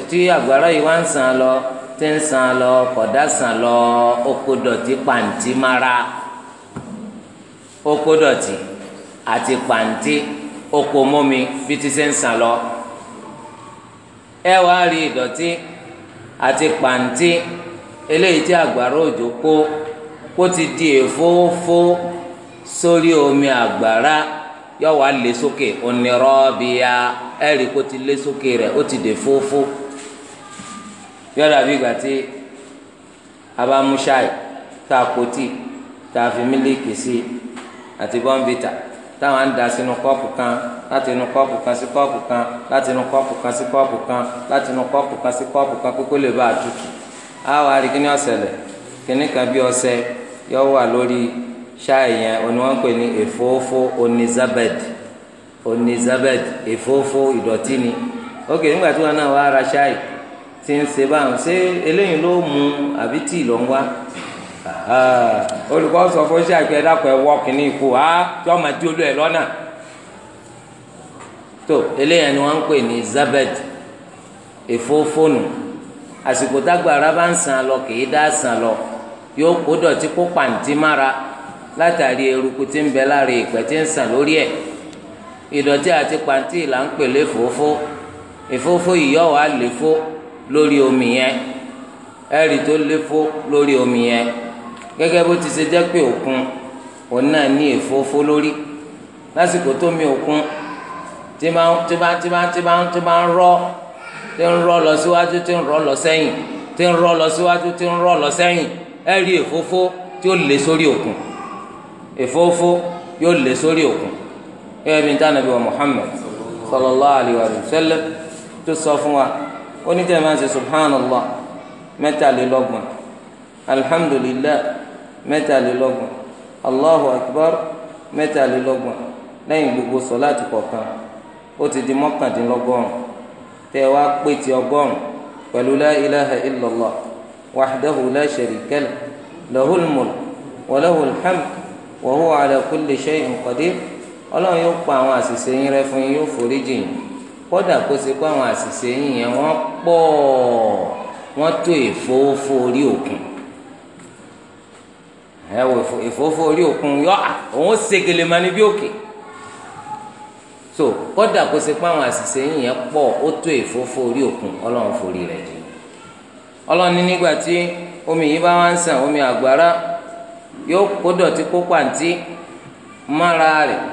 A: tí àgbàrá yìí wá ń sàn lọ tí ń san lọ kọ̀dá san lọ oko dọ̀tí pàǹtí mara oko dọ̀tí àti pàǹtí oko mọ́mi bí ti ṣe ń san lọ ẹ wá rí ìdọ̀tí àti pàǹtí eléyìí tí àgbàrá òjò kó kó ti di èfófó sórí omi àgbàrá yọ wá lé sókè onírọ́ọ̀bìyà ẹ̀rí kó ti lé sókè rẹ̀ ó ti dè fófó yọ dàbí ìgbà tí a bá mú ṣáì tá a kó tíì tá a fi mílíkì sí àti bọ́ǹbìtà táwọn á ń da sínú kọ́ọ̀pù kan láti inú kọ́ọ̀pù kan sí kọ́ọ̀pù kan láti inú kọ́ọ̀pù kan sí kọ́ọ̀pù kan láti inú kọ́ọ̀pù kan sí kọ́ọ̀pù kan kókó lè bá a tutù á wà á rí kíní ọ̀sẹ̀lẹ̀ kíní kan bí ọṣẹ yọ wà lórí ṣáì yẹn òní wọ́n ń pè ní èfófó onizabed onizabed èfófó ìdọ̀tí ni ókè nígbà tí wọn náà wà á ṣáì tí ń ṣe báyìí ṣé eléyìí ló mú àbí tí ì lọ ń wá olùkọ́ sọ fún iṣẹ́ àgbẹ̀ dàpọ̀ ẹ̀ wọ́ kínní ikú á yọ ọmọ olú ẹ̀ lọ́nà tó eléyìí ni wọ́n ń pè ní zabed lọ kì í dá lọ yóò kó dọ̀tí kó pàǹtí mára látàrí eruku tí ń bẹ ìpẹ́ tí ń lórí ẹ̀ ìdọ̀tí àti pàǹtí là ń lórí omi yẹn ẹ̀rì tó léfó lórí omi yẹn gẹ́gẹ́ bó ti ṣe jẹ́ pé òkun òun náà ní èfófó lórí lásìkò tó mi òkun tí máa tí máa tí máa tí máa tí máa ń rọ tí ń rọ lọ síwájú tí ń rọ lọ sẹ́yìn tí ń rọ lọ síwájú tí ń rọ lọ sẹ́yìn ẹ̀rí èfófó tí ó lè sórí òkun èfófó yóò lè sórí òkun ẹ̀ bí n tànàbí wa Muhammad sallallahu alayhi wa sallam tó sọ fún wa onídìí ẹ̀ máa ń ṣe subhanallah mẹ́tàlélọ́gbọ̀n alhamdulillah mẹ́tàlélọ́gbọ̀n allahu akbar mẹ́tàlélọ́gbọ̀n lẹ́yìn gbogbo sọ̀láàtì kọ̀ọ̀kan ó ti di mọ́kàndínlọ́gọ́rùn tẹ́ wá pé ti ọgọ́rùn pẹ̀lú la ilaha illallah wahdahu la sharika lah lahul mulk wa lahul hamd wa huwa ala kulli shay'in qadir ọlọ́run yóò pa àwọn àṣìṣe yín rẹ́ fún yín yóò foríjì yín kódà kó ṣe pé àwọn àṣìṣe yìí yẹn wọ́n pọ̀ wọ́n tó ìfowófó orí òkun ẹ wò ìfowófó orí òkun yọ òun ṣègèlè mà níbi òkè so kódà kó ṣe pé àwọn àṣìṣe yìí yẹn pọ̀ ó tó ìfowófó orí òkun ọlọ́run forí rẹ̀ jì ọlọ́run ní nígbà tí omi yìí bá wá ń sàn omi àgbàrá yóò kó dọ̀tí kó pàǹtí mára rẹ̀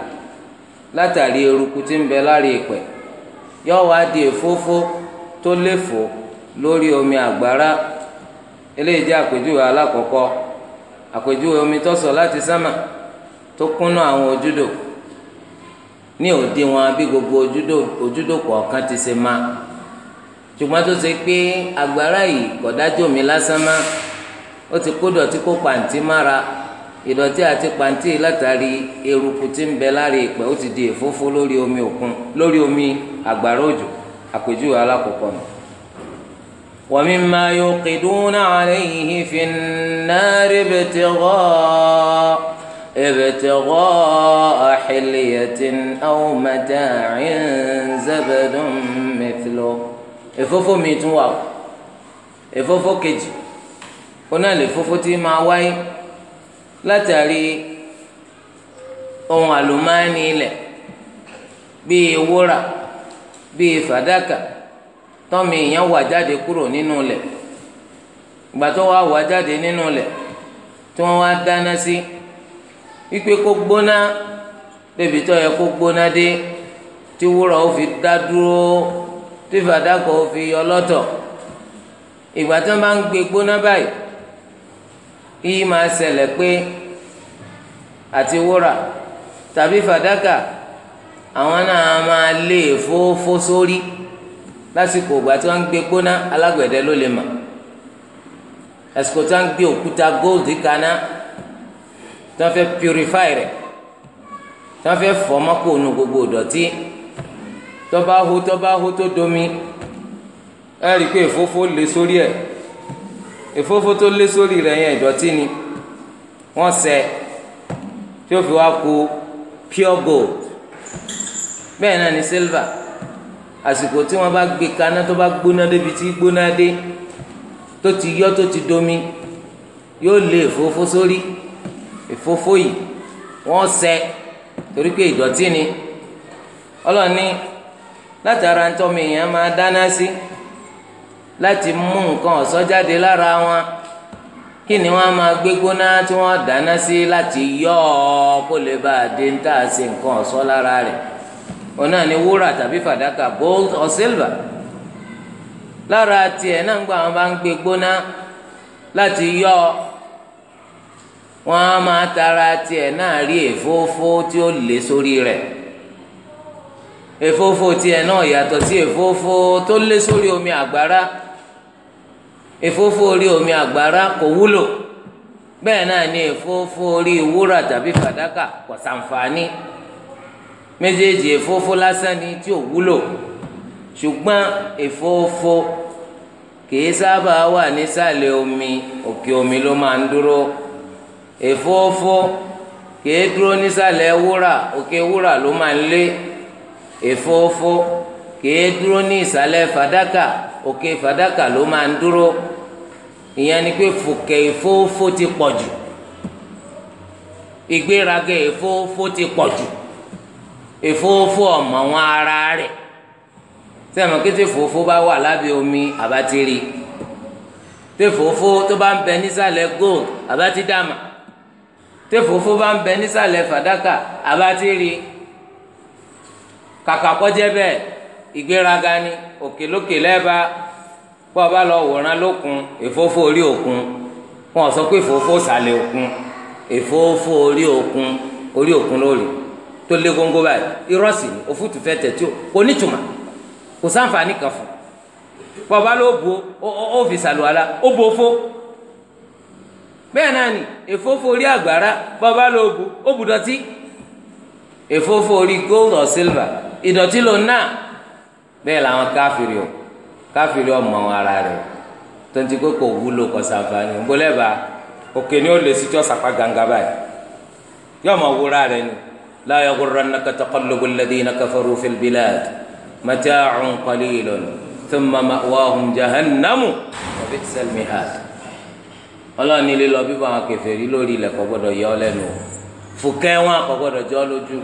A: látàrí eruku tí ń bẹ lára ìpẹ́ yóò wá di èfófó tó léfò lórí omi àgbàrá eléyìí jẹ́ àpèjúwe alákọ̀ọ́kọ́ àpèjúwe omi tó sọ láti sámà tó kúnná àwọn ojúdò ní òdiwọ̀n bí gbogbo ojúdò ojúdò kọ̀ọ̀kan ti ṣe máa ṣùgbọ́n tó ṣe pé àgbàrá yìí kọ̀dájú omi lásán má ó ti kó dọ̀tí kó pàǹtí mára ìdọ̀tí àti pàǹtí látàrí eruku tí ń bẹ lára ìpẹ́ ó ti di èfófó lórí omi òkun lórí omi àgbàrá òjò àpèjúwe alákọ̀ọ́kọ́ nù. wa mimma yuqiduna alayhi fin nar ibtighaa ibtighaa hilyatin aw mata'in zabadun mithlu. èfófó mi tún wà èfófó kejì ó náà lè fófó tí máa wáyé látàrí ohun àlùmáàní ilẹ̀ bíi wúrà bíi fàdákà tọ́mi èèyàn wà jáde kúrò nínú ilẹ̀ ìgbà tó wàá wà jáde nínú ilẹ̀ tí wọ́n wá dáná sí wípé kó gbóná débi tó yẹ kó gbóná dé tí wúrà ó fi dá dúró tí fàdákà ó fi yọ lọ́tọ̀ ìgbà tí bá ń gbé gbóná báyìí. yìí máa ṣẹlẹ̀ pé àti wúrà tàbí fàdákà àwọn náà máa lé fófó sórí lásìkò ìgbà tí wọ́n ń gbé gbóná alágbẹ̀dẹ ló lè mà àsìkò tí wọ́n ń gbé òkúta góòdì kaná tí wọ́n fẹ́ purify rẹ̀ tí wọ́n fẹ́ nu gbogbo ìdọ̀tí tọ́ba hó domi ẹ̀ pé fófó ìfófó tó lé sórí rẹ̀ yẹn ìdọ̀tí ni wọ́n sẹ́ tí ó fi wá ku pure gold bẹ́ẹ̀ náà ni silver àsìkò tí wọ́n bá gbé kaná tó bá gbóná débi tí gbóná dé tó ti yọ́ tó ti domi yóò lé ìfófó sórí ìfófó yìí wọ́n sẹ́ torí pé ìdọ̀tí ni ọlọ́ọ̀ni látara ń tọ́ mi èèyàn máa dáná sí. Si láti mú nǹkan ọ̀ṣọ́ jáde lára wọn kí ni wọ́n máa gbé gbóná tí wọ́n dáná sí láti yọ ọ́ kó lè bá a dé ń ṣe nǹkan ọ̀ṣọ́ lára rẹ̀ òun náà ni wúrà tàbí fàdákà gold or silver lára tiẹ̀ náà ń gbọ́ àwọn bá ń gbé gbóná láti yọ ọ́ wọ́n á máa tara tiẹ̀ náà rí èfófó tí ó lé sórí rẹ̀ èfófó tiẹ̀ náà yàtọ̀ sí èfófó tó lé sórí omi àgbára èfófó orí omi àgbàrá kò wúlò bẹ́ẹ̀ náà ni èfófó orí wúrà tàbí fàdákà kò sàǹfààní méjèèjì èfófó lásán ni tí ò wúlò ṣùgbọ́n èfófó kìí sábà wà nísàlẹ̀ omi òkè omi ló máa ń dúró èfófó kìí dúró nísàlẹ̀ wúrà òkè wúrà ló máa ń lé èfófó. kèé dúró ní ìsàlẹ̀ fàdákà òkè fàdákà ló máa ń dúró ìyẹn ni pé fòkè ìfowófó ti pọ̀ jù ìgbéraga ìfowófó ti pọ̀ jù ìfowófó ọ̀mọ̀ wọn ara rẹ̀ sẹ́mi kété fòfó bá wà lábẹ́ omi àbátírì tẹ́fòfó tó bá ń bẹ nísàlẹ̀ gold àbátídàmà bá ń bẹ nísàlẹ̀ fàdákà kàkà ìgbéraga ni òkè lókè lẹ́ẹ̀bá pé ọba lọ wòran lókun èfófó orí òkun wọn sọ pé èfófó sàlẹ̀ òkun èfófó orí òkun orí òkun lórí tó lé góńgó báyìí irọ́ sì ni òfútu fẹ́ tẹ̀ tí o kò nítumọ̀ kò sáǹfààní kan fún pé ọba ló bo ó fi sàlùwàlà ó bo fó bẹ́ẹ̀ náà ni èfófó orí àgbàrá pé ọba ló bo ó bu dọ̀tí èfófó orí gold or silver ìdọ̀tí lòun náà bẹ́ẹ̀ làwọn káfìrí o káfìrí ọmọ àwọn ara rẹ̀ tó ń ti pé kò wúlò kò sàǹfààní ń bọ́lẹ̀ bá òkè ni ó lè sí tí ó sàpá gàǹgà báyìí yóò mọ wúra rẹ̀ ni la yaghurrannaka taqallubu alladhina kafaru fil bilad mata'un qalilun thumma ma'wahum jahannamu wa bi'sal mihad ọlọ́ọ̀ni lílọ bíbọ̀ àwọn kèfèrí lórí ilẹ̀ kò gbọ́dọ̀ yọ lẹ́nu fùkẹ́ wọn kò gbọ́dọ̀ jọ lójú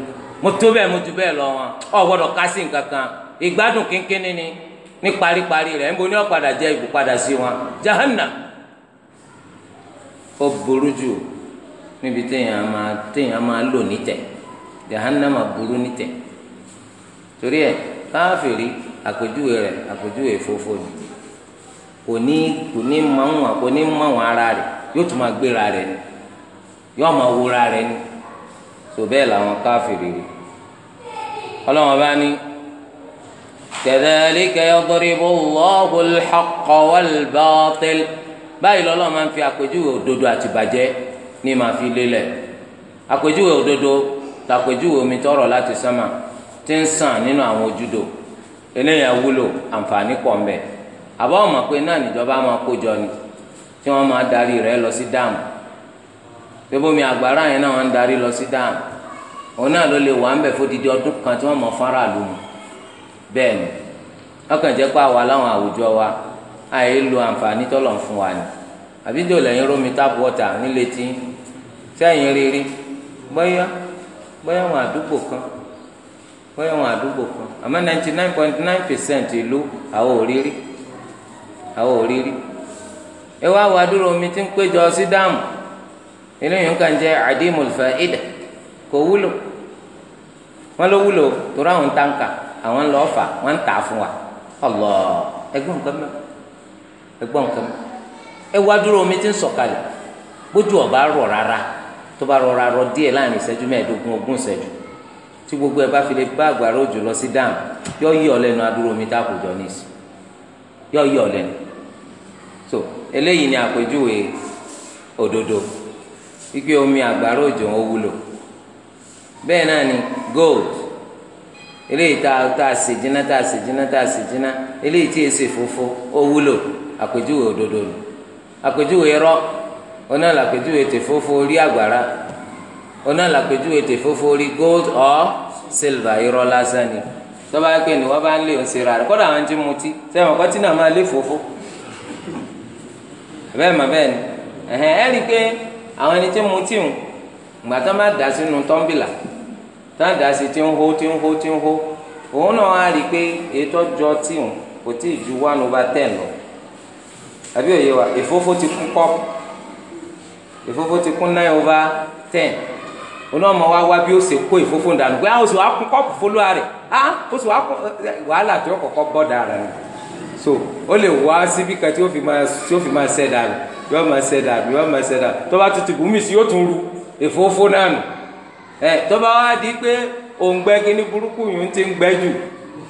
A: mo tó bẹ́ẹ̀ mo ju bẹ́ẹ̀ lọ wọn ò gbọ́dọ̀ kásì nǹkan ìgbádùn kínkínní ni ní paríparí rẹ̀ ń bo ní ọ̀padà jẹ́ ìbùpadà sí wọn jahanna ó burú jù níbi téèyàn máa téèyàn máa lò jahanna máa burú nítẹ̀ torí ẹ̀ káfìrí àpèjúwe rẹ̀ àpèjúwe fòfò ni kò ní kò ní mọ̀wọ́n kò ní mọ̀wọ́n ara rẹ̀ yóò tún máa gbéra ni yóò máa wúra ni làwọn كذلك يضرب الله الحق والباطل báyìí lọ́lọ́ máa ń fi àpèjúwe òdodo àti bàjẹ́ ní máa fi lélẹ̀ àpèjúwe òdodo tàpèjúwe omi tọrọ láti sánmà ti ń sàn nínú àwọn ojúdo eléyà wúlò àǹfààní pọ̀ mbẹ́ àbá ọ̀mọ̀ pé náà níjọba máa kójọ ni tí wọ́n máa darí rẹ̀ lọ sí dáàmù pébómi àgbàrá yẹn náà wọ́n ń darí lọ sí dáàmù òun náà ló lè wà ń bẹ̀ fódìdí ọdún kan tí wọ́n mọ̀ fáráàlú mu bẹ́ẹ̀ ni ọkàn jẹ́ pé àwa láwọn àwùjọ wa àyè lo àǹfààní tọ́lọ̀ ń fún wa ni àbí tap water nílé tí sẹ́yìn rírí bóyá bóyá wọn àdúgbò kan bóyá wọn àdúgbò kan àmọ́ ninety nine point nine percent ìlú àwọn òrírí àwọn òrírí ẹ wá wàá dúró omi tí ń péjọ sí dáàmù àwọn lọ fà wọn ń tà fún wa ọlọ ẹgbọn nǹkan mọ ẹgbọn nǹkan mọ ẹ wá dúró omi tí ń sọ̀kalẹ̀ bójú ọba rọ̀ rárá tó bá rọra rọ̀ díẹ̀ láàrin ìṣẹ́jú mẹ́ẹ̀ẹ́dógún ogún ìṣẹ́jú tí gbogbo ẹ bá fi lè bá àgbàrá òjò lọ sí dáàmù yọ yí ọ adúró omi tá a kò jọ ní ìsìn yọ yí ọ so eléyìí ni àpèjúwe òdodo wípé omi àgbàrá òjò ń wúlò bẹ́ẹ̀ náà ni gold eléyìí tá a ṣe jiná tá a ṣe jiná tá a ṣe jiná eléyìí tí èsì fúnfún ó wúlò àpèjúwe òdodo nù àpèjúwe irọ́ oná làpèjúwe tèfófó orí àgbàrá oná làpèjúwe orí gold or silver irọ́ lásán ni tọ́ba pé ni wọ́n bá ń lé òsè rà kọ́dà àwọn mu ti sẹ́wọ̀n ọkọ tí náà máa ni ẹ̀hẹ́n mu ti ń má dà sínú táǹdà sí ti ń hó ti ń hó ti ń hó òun náà á rí i pé ètò ọjọ́ tí òun kò tí ì ju one over ten lọ àbí òye wa èfófó ti kún kọ́pù èfófó ti kún nine over ten onáwó wa wá bí ó ṣe kó ìfófó dànù pé àwọn oṣù wa kún kọ́pù fólúwa rẹ̀ á oṣù wa kún wàhálà tí ó kọ́kọ́ bọ́ dára rẹ̀ so ó lè wá síbi kan tí ó fi máa tí ó fi máa ṣẹ̀ dànù yóò máa ṣẹ̀ dànù yóò máa ṣẹ̀ dànù tó bá tutù bùnmi sí yóò tún ru èfófó náà ẹ tọ́ba wa di pé òǹgbẹ kínní burúkú yìí ti ń gbẹ jù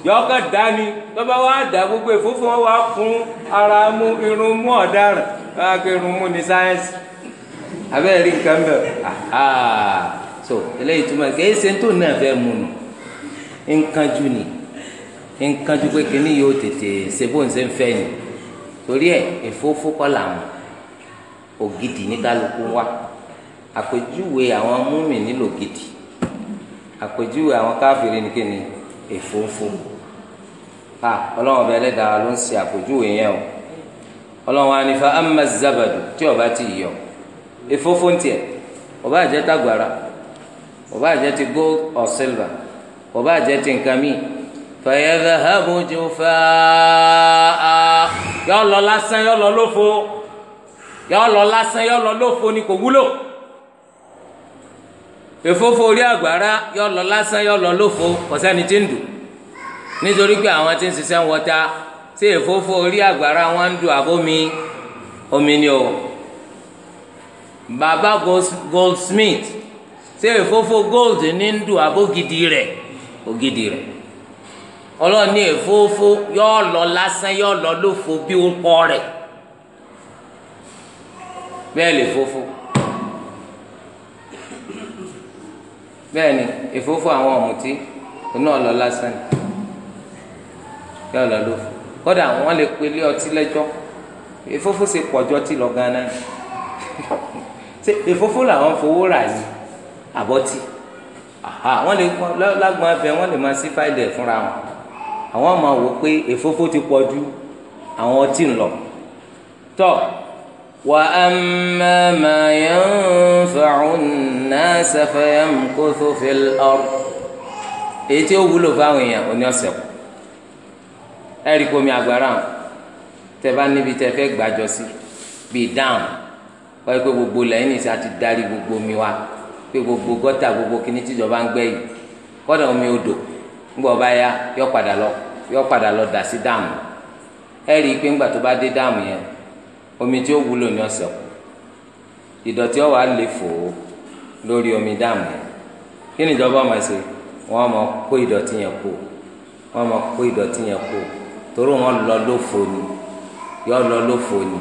A: yọkàn dání tọ́ba wa dá gbogbo ìfúnfún wa fún ara mú irun mú ọ̀daràn wọ́n á pé irun mú ní sáyẹ́nsì abẹ́rẹ́ rí nǹkan bẹ́ẹ̀ so eléyìí túmọ̀ kí ẹsẹ̀ tó náà fẹ́ mu nù nǹkan jù ni nǹkan jù pé kínní yóò tètè ṣe ń ṣe ń fẹ́ yìí torí ẹ̀ ìfófó kọ́ làwọn ògidì ní kálukú wa àpèjúwe àwọn múmi nílò gidi àpèjúwe àwọn káfíìrì nìkéni èfófó a ọlọ́run bẹ́ẹ̀ lẹ́dàá ló ń ṣe àpèjúwe yẹn o ọlọ́run wa nífa zabadu tí ọba ti yọ èfófó ń tiẹ̀ ọba àjẹ́ tàgbàrà ọba àjẹ́ ti gold or silver ọba àjẹ́ ti nǹkan míì fẹ̀yẹ́dẹ́hẹ́bù jù fẹ́ẹ́ yọ lọ lásán yọ lọ lófo yọ lọ lásán yọ lọ lófo ni kò wúlò èfófó orí àgbàrá yọ lọ lásán yọ lọ lófo kò sẹ́ni tí ń dù nítorí pé àwọn tí ń ṣiṣẹ́ ń wọta tí èfófó orí àgbàrá wọn ń dù àbómi omi ni o bàbá goldsmith tí èfófó gold ní ń dù àbógidì rẹ̀ ògidì rẹ̀ ọlọ́ọ̀ni èfófó yọ lọ lásán yọ lọ lófo bí ó pọ̀ rẹ̀ bẹ́ẹ̀ lè fófó. bẹ́ẹ̀ ni èfófó àwọn ọ̀mùtí oní ọ̀lọ́ lásán ni kí ọ̀lọ́ ló fò kódà wọ́n lè pe ilé ọtí lẹ́jọ́ èfófó ṣe pọ̀jọ́ tí lọ gan náà ṣe èfófó làwọn fowó rà ní àbọ́tì wọ́n lè lágbọ́n abẹ wọ́n lè máa sí fáìlì ẹ̀ fúnra wọn àwọn máa wò pé èfófó ti pọ̀jù àwọn ọtí ńlọ tọ́. So, وأما ما ينفع الناس فيمكث في الأرض èyí ó wúlò fáwọn èèyàn òní ọ̀sẹ̀ kù ẹ̀rí kó mi agbára hàn tẹ bá níbi tẹ fẹ́ gbàjọ sí bíi dáhùn wáyé pé gbogbo lẹ́yìn nìṣẹ́ àti darí gbogbo omi wa pé gbogbo gọ́tà gbogbo kíní tíjọba ń gbẹ́ yìí kọ́dà omi odò ńgbọ́ bá yá yọ padà lọ yọ padà lọ dà sí dáhùn ẹ̀rí pé ńgbà tó bá dé dáhùn yẹn omi tí ó wúlò ní ọ̀sẹ̀ kù ìdọ̀tí ọ̀wà lè fò ó lórí omi dáàmù yẹn kí ni ìjọba máa ṣe wọ́n máa kó ìdọ̀tí yẹn kú wọ́n máa kó ìdọ̀tí yẹn kú torí wọ́n lọ lófo ni yọ lọ lófo ni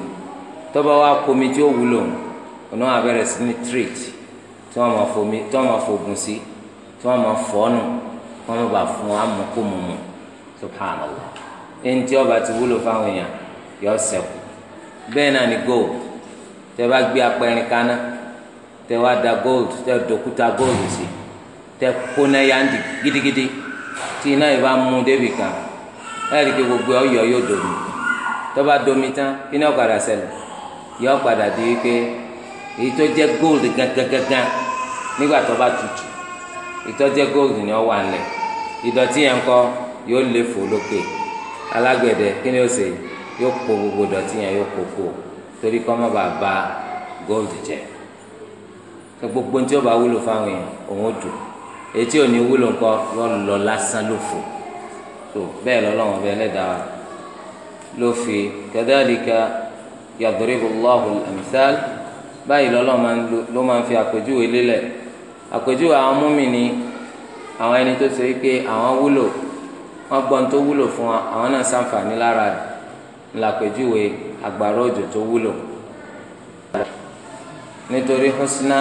A: tọ́ba wa kó omi tí ó wúlò ọ̀nà àbẹ̀rẹ̀ sí ní treat tí wọ́n máa fomi tí wọ́n máa fogun sí tí wọ́n máa fọ́nù kí wọ́n máa bá fún wa mú kó mu mu subhanallah ẹni tí ọba ti wúlò fáwọn èèyàn yọ sẹ́kù. bẹ́ẹ̀ náà ni gold tẹ bá gbé apẹ̀rin kaná tẹ wá da gold tẹ dòkúta gold sí tẹ kóná yáǹdì gidigidi tí iná yìí bá mú débi kan láyé kí gbogbo ọyọ yóò domi bá domi tán yọ di wípé èyí tó jẹ́ gold gangan nígbà tó bá tutù èyí gold ni ọ wà nílẹ̀ ìdọ̀tí yẹn kọ́ yóò lè fò lókè alágbẹ̀dẹ kí ni ó yóò po gbogbo dọ̀tí yẹn yóò kókó torí kọ́ mọ́ bàa ba gold jẹ gbogbo tí ó bá wúlò fáwọn èèyàn òun ó dùn etí ò ní wúlò ńkọ yọ lọ lásán lófo tó bẹ́ẹ̀ lọ́lọ́wọ́n bẹ́ẹ̀ lẹ́dàá ló fi kadhalika yadribu Allahu al-amthal báyìí lọ́lọ́wọ́n ló máa ń fi àpèjúwe lélẹ̀ àpèjúwe àwọn múmìnì àwọn ẹni tó ṣe é pé àwọn wúlò wọ́n gbọ́n tó wúlò fún wa àwọn náà ṣàǹfààní lára rẹ̀ làpèjúwe àgbàrá òjò tó wúlò nítorí húsínà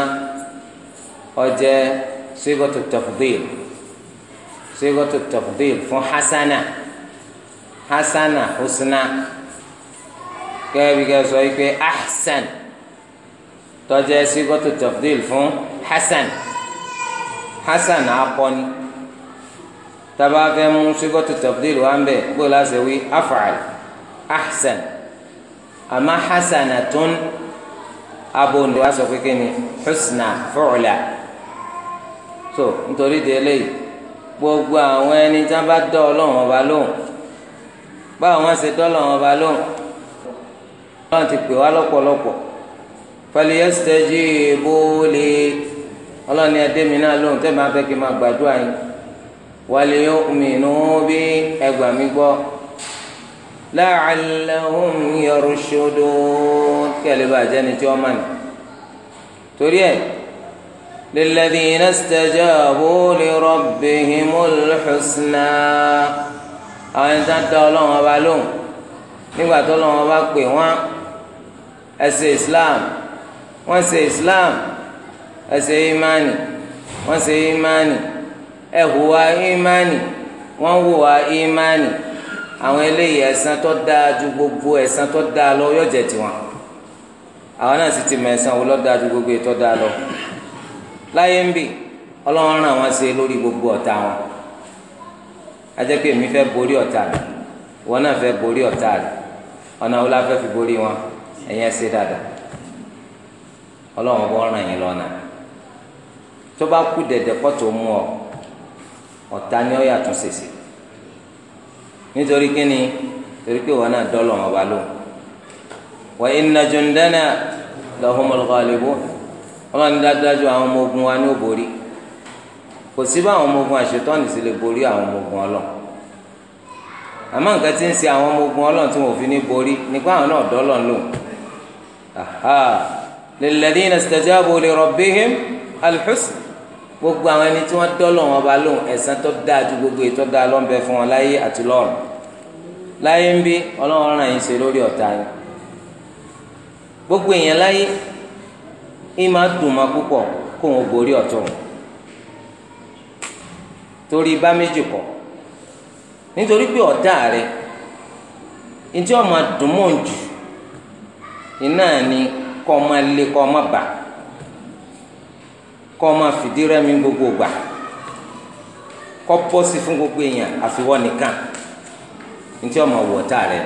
A: ọjẹ sígọtò tafdil sígọtò tafdil fún hasana hasana húsínà kẹ́ẹ̀bí kẹ́ẹ̀ sọ wípé ahsan tọ́jẹ́ sígọtò tafdil fún hasan hasan akọni tábà fẹ́ mú sígọtò tafdil wá ń bẹ̀ gbọ́dọ̀ láti wí af'al. ahsan a hasanatun abo ni wàá sọ husna fu'la so nítorí de gbogbo àwọn ẹni tí wọn bá dọ ọba lóhùn báwo wọn ṣe dọ Ọlọ́run ọba lóhùn ti pè wá lọ́pọ̀lọpọ̀ falyastajibu li Ọlọ́run ẹdẹ mi náà lóhùn tẹ máa kí n máa bi ẹgbàá mi gbọ. la'allahum yarshudun kí ẹ lè bá àjẹni tí wọ́n mọ̀ ní. torí ẹ̀ lilladhina istajabu li rabbihimul husna àwọn ẹni tá ń tọ́ ọlọ́run ọba lóhùn nígbà tó ọlọ́run ọba pè wọ́n ẹsẹ̀ islam wọ́n ṣe islam ẹsẹ̀ imani wọ́n ṣe imani ẹ̀hùwà imani wọ́n hùwà imani. àwọn eléyìí ẹ̀san tó dáa ju gbogbo ẹ̀san tó dáa lọ yóò jẹ́ tiwọn àwọn náà sì ti mọ wo dáa ju gbogbo ètò dáa lọ láyé ń bì ọlọ́run ràn wọ́n lórí gbogbo ọ̀tá wọn ajẹ́ pé èmi fẹ́ borí ọ̀tá rẹ̀ wọn náà fẹ́ borí ọ̀tá rẹ̀ ọ̀nà wo la fẹ́ fi borí wọn ẹ̀yẹn ṣe dáadáa nítorí kíni torí pé wọn náà dọ́lọ̀ wọn bá lò wa inna jundana lahumul ghalibun ọlọ́ni dájúdájú àwọn ọmọ ogun wa ní òbórí kò sí bá àwọn ọmọ ogun àṣetọ́ni sí lè borí àwọn ọmọ ogun ọlọ́ àmọ́ nǹkan tí ń ṣe àwọn ọmọ ogun ọlọ́run tí wọ́n fi ní borí nípa àwọn náà dọ́lọ̀ lò aha lilladhina istajabu li rabbihim gbogbo àwọn ẹni tí wọ́n dọ́lọ̀ wọn bá lóhùn ẹ̀san tó dáa ju gbogbo ètò dáa ló ń bẹ fún wọn láyé àti lọ́run láyé ń bí ọlọ́run ràn yín ṣe lórí ọ̀tá yín gbogbo èèyàn láyé yín máa dùn máa púpọ̀ kó wọn borí ọ̀tọ̀ wọn torí bá méjì kọ nítorí pé ọ̀tá rẹ ní máa dùn mọ́ jù iná ni kọ́ máa lé kọ́ máa bà á. kọ́ máa fìdí rẹ́mi gbogbo gbà kọ́ pọ́sì fún gbogbo èèyàn àfiwọ́ nìkan ntí ọmọ wọ̀ ọ̀tá rẹ̀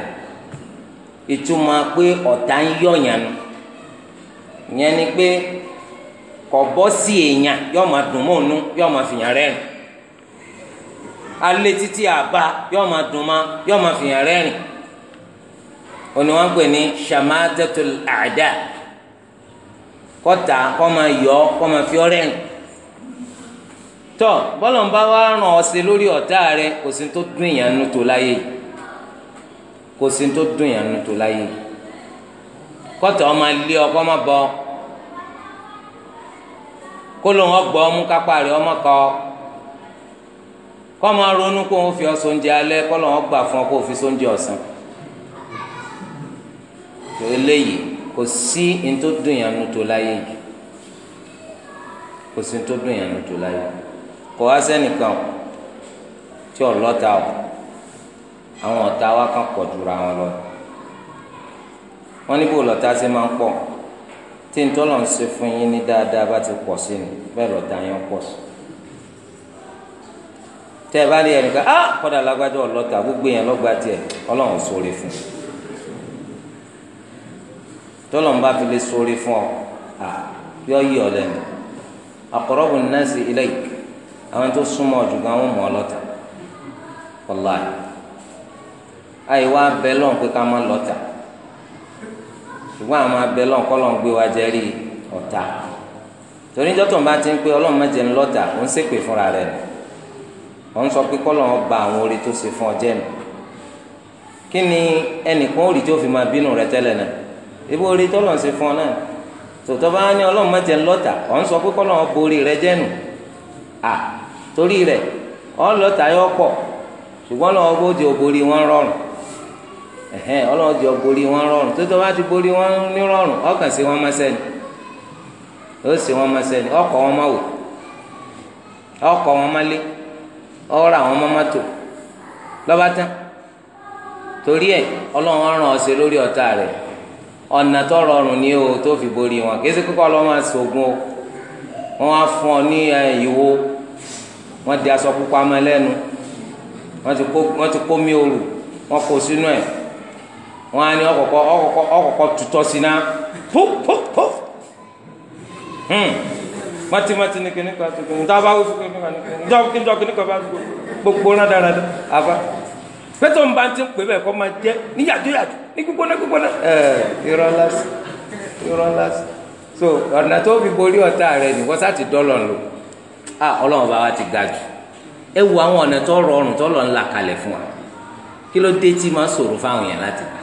A: ìtumọ̀ pé ọ̀tá ń yọ̀yàn nu ni pé kọ̀ bọ́ sí èèyàn yọ̀ máa dùn mọ́ òun yọ̀ máa fìyàn rẹ̀ alẹ́ títí àbá yọ̀ máa kọta kọma yọ kọma fiọrẹn tọ bọlọmọba wa ràn ọ sí lórí ọ̀tá rẹ̀ kò sí tó dùn yàn nù tó láyé kò sí tó dùn yàn nù tó láyé kọta ọmọ lé ọ kọma bọ kólóhùn ọgbọ ọmú kápá rẹ̀ ọmọ kọ kọ́mọ ronú kó o fi ọsọ oúnjẹ alẹ́ kọ́ lọ́wọ́ gbà fún ọ kó o fi sóúnjẹ ọ̀sán. eléyìí kò sí ntó dùn yàn nù tó láyé jù kò sí ntó dùn yàn nù tó láyé kò wá sẹ́nìkan tí ọlọ́ta o àwọn ọ̀tá wa kan pọ̀ jura wọn lọ wọn ní bó lọ́ta ṣe máa ń pọ̀ tí ntọ́lọ̀ ń ṣe fún yín ní dáadáa bá ti pọ̀ sí ni bẹ́ẹ̀ lọ́ta yẹn pọ̀ sí tẹ́ ẹ bá rí ẹnìkan á ah! kọ́dà lágbájọ́ ọlọ́ta gbogbo yẹn lọ́gbàá tiẹ̀ ọlọ́run sóore fún un tọ́lọ́mùbá fi lè sóore fún ọ à yọ yí ọ lẹ́nu aqrabu an-nasi ilayk àwọn tó súnmọ́ ọ̀dùnkàn àwọn mọ̀ ọlọ́ta wallahi àyíwá abẹ lọ́n pé ká má lọ́ta ṣùgbọ́n àwọn abẹ lọ́n kọ́ lọ́n gbé wa jẹ́ rí ọ̀tá torí dọ́tọ̀ bá ti ń pé ọlọ́run mẹ́jẹ ń lọ́ta ó ń ṣépè fúnra rẹ̀ nù ó ń sọ pé kọ́ lọ́n ba àwọn orí tó ṣe fún ọ jẹ́ nù kí ni ẹnìkan ó rí tó fi máa bínú rẹ tẹ́lẹ̀ náà ibo orí tọ́lọ̀ ṣe fún ọ náà tòótọ́ bá ní ọlọ́run má ọ lọ́tà ọ̀ ń sọ pé kọ́lọ́ borí rẹ jẹ́nu à torí rẹ ọlọ́tà yọ pọ̀ ṣùgbọ́n ọlọ́run bó di òborí wọn rọrùn ẹ̀hẹ́n wọn rọrùn tòótọ́ bá ti wọn ní rọrùn ọkàn wọn ni ó wọn ni ọkọ̀ wọn má wò ọkọ̀ wọn má lé ọ̀rọ̀ àwọn má má tò torí ọlọ́run ọ̀nà tó rọrùn ni o tó fi borí wọn kì í ṣe kókó ọlọ́mọ àṣogun o wọn á fún ọ ní ìwo wọn di aṣọ pupa mọ́ lẹ́nu wọn ti kó mi òrù wọn kó sínú ẹ̀ wọn á ní ọkọ̀kọ̀ ọkọ̀kọ̀ ọkọ̀kọ̀ tutọ́ sí náà pop pop pop hmm. mọtìmọtì ni kìnnìkọ àti kìnnìkọ njọ bá wúfú kìnnìkọ njọ kìnnìkọ kìnnìkọ bá gbogbo náà dára dá àbá pẹtọ nbà ti ń pè bẹ́ẹ̀ kọ máa jẹ níyàjó ní gbígbóná gbígbóná irọ́ lásì irọ́ lásì so ọ̀nà tó fi borí ọ̀tá rẹ ní wọ́n sáti dọ́lọ̀ lò ah ọlọ́run bá wa ti ga jù ẹ wo àwọn ọ̀nà tó rọrùn tó lọ là kalẹ̀ fún wa kí ló dé tí máa sòrò fáwọn èèyàn láti gbà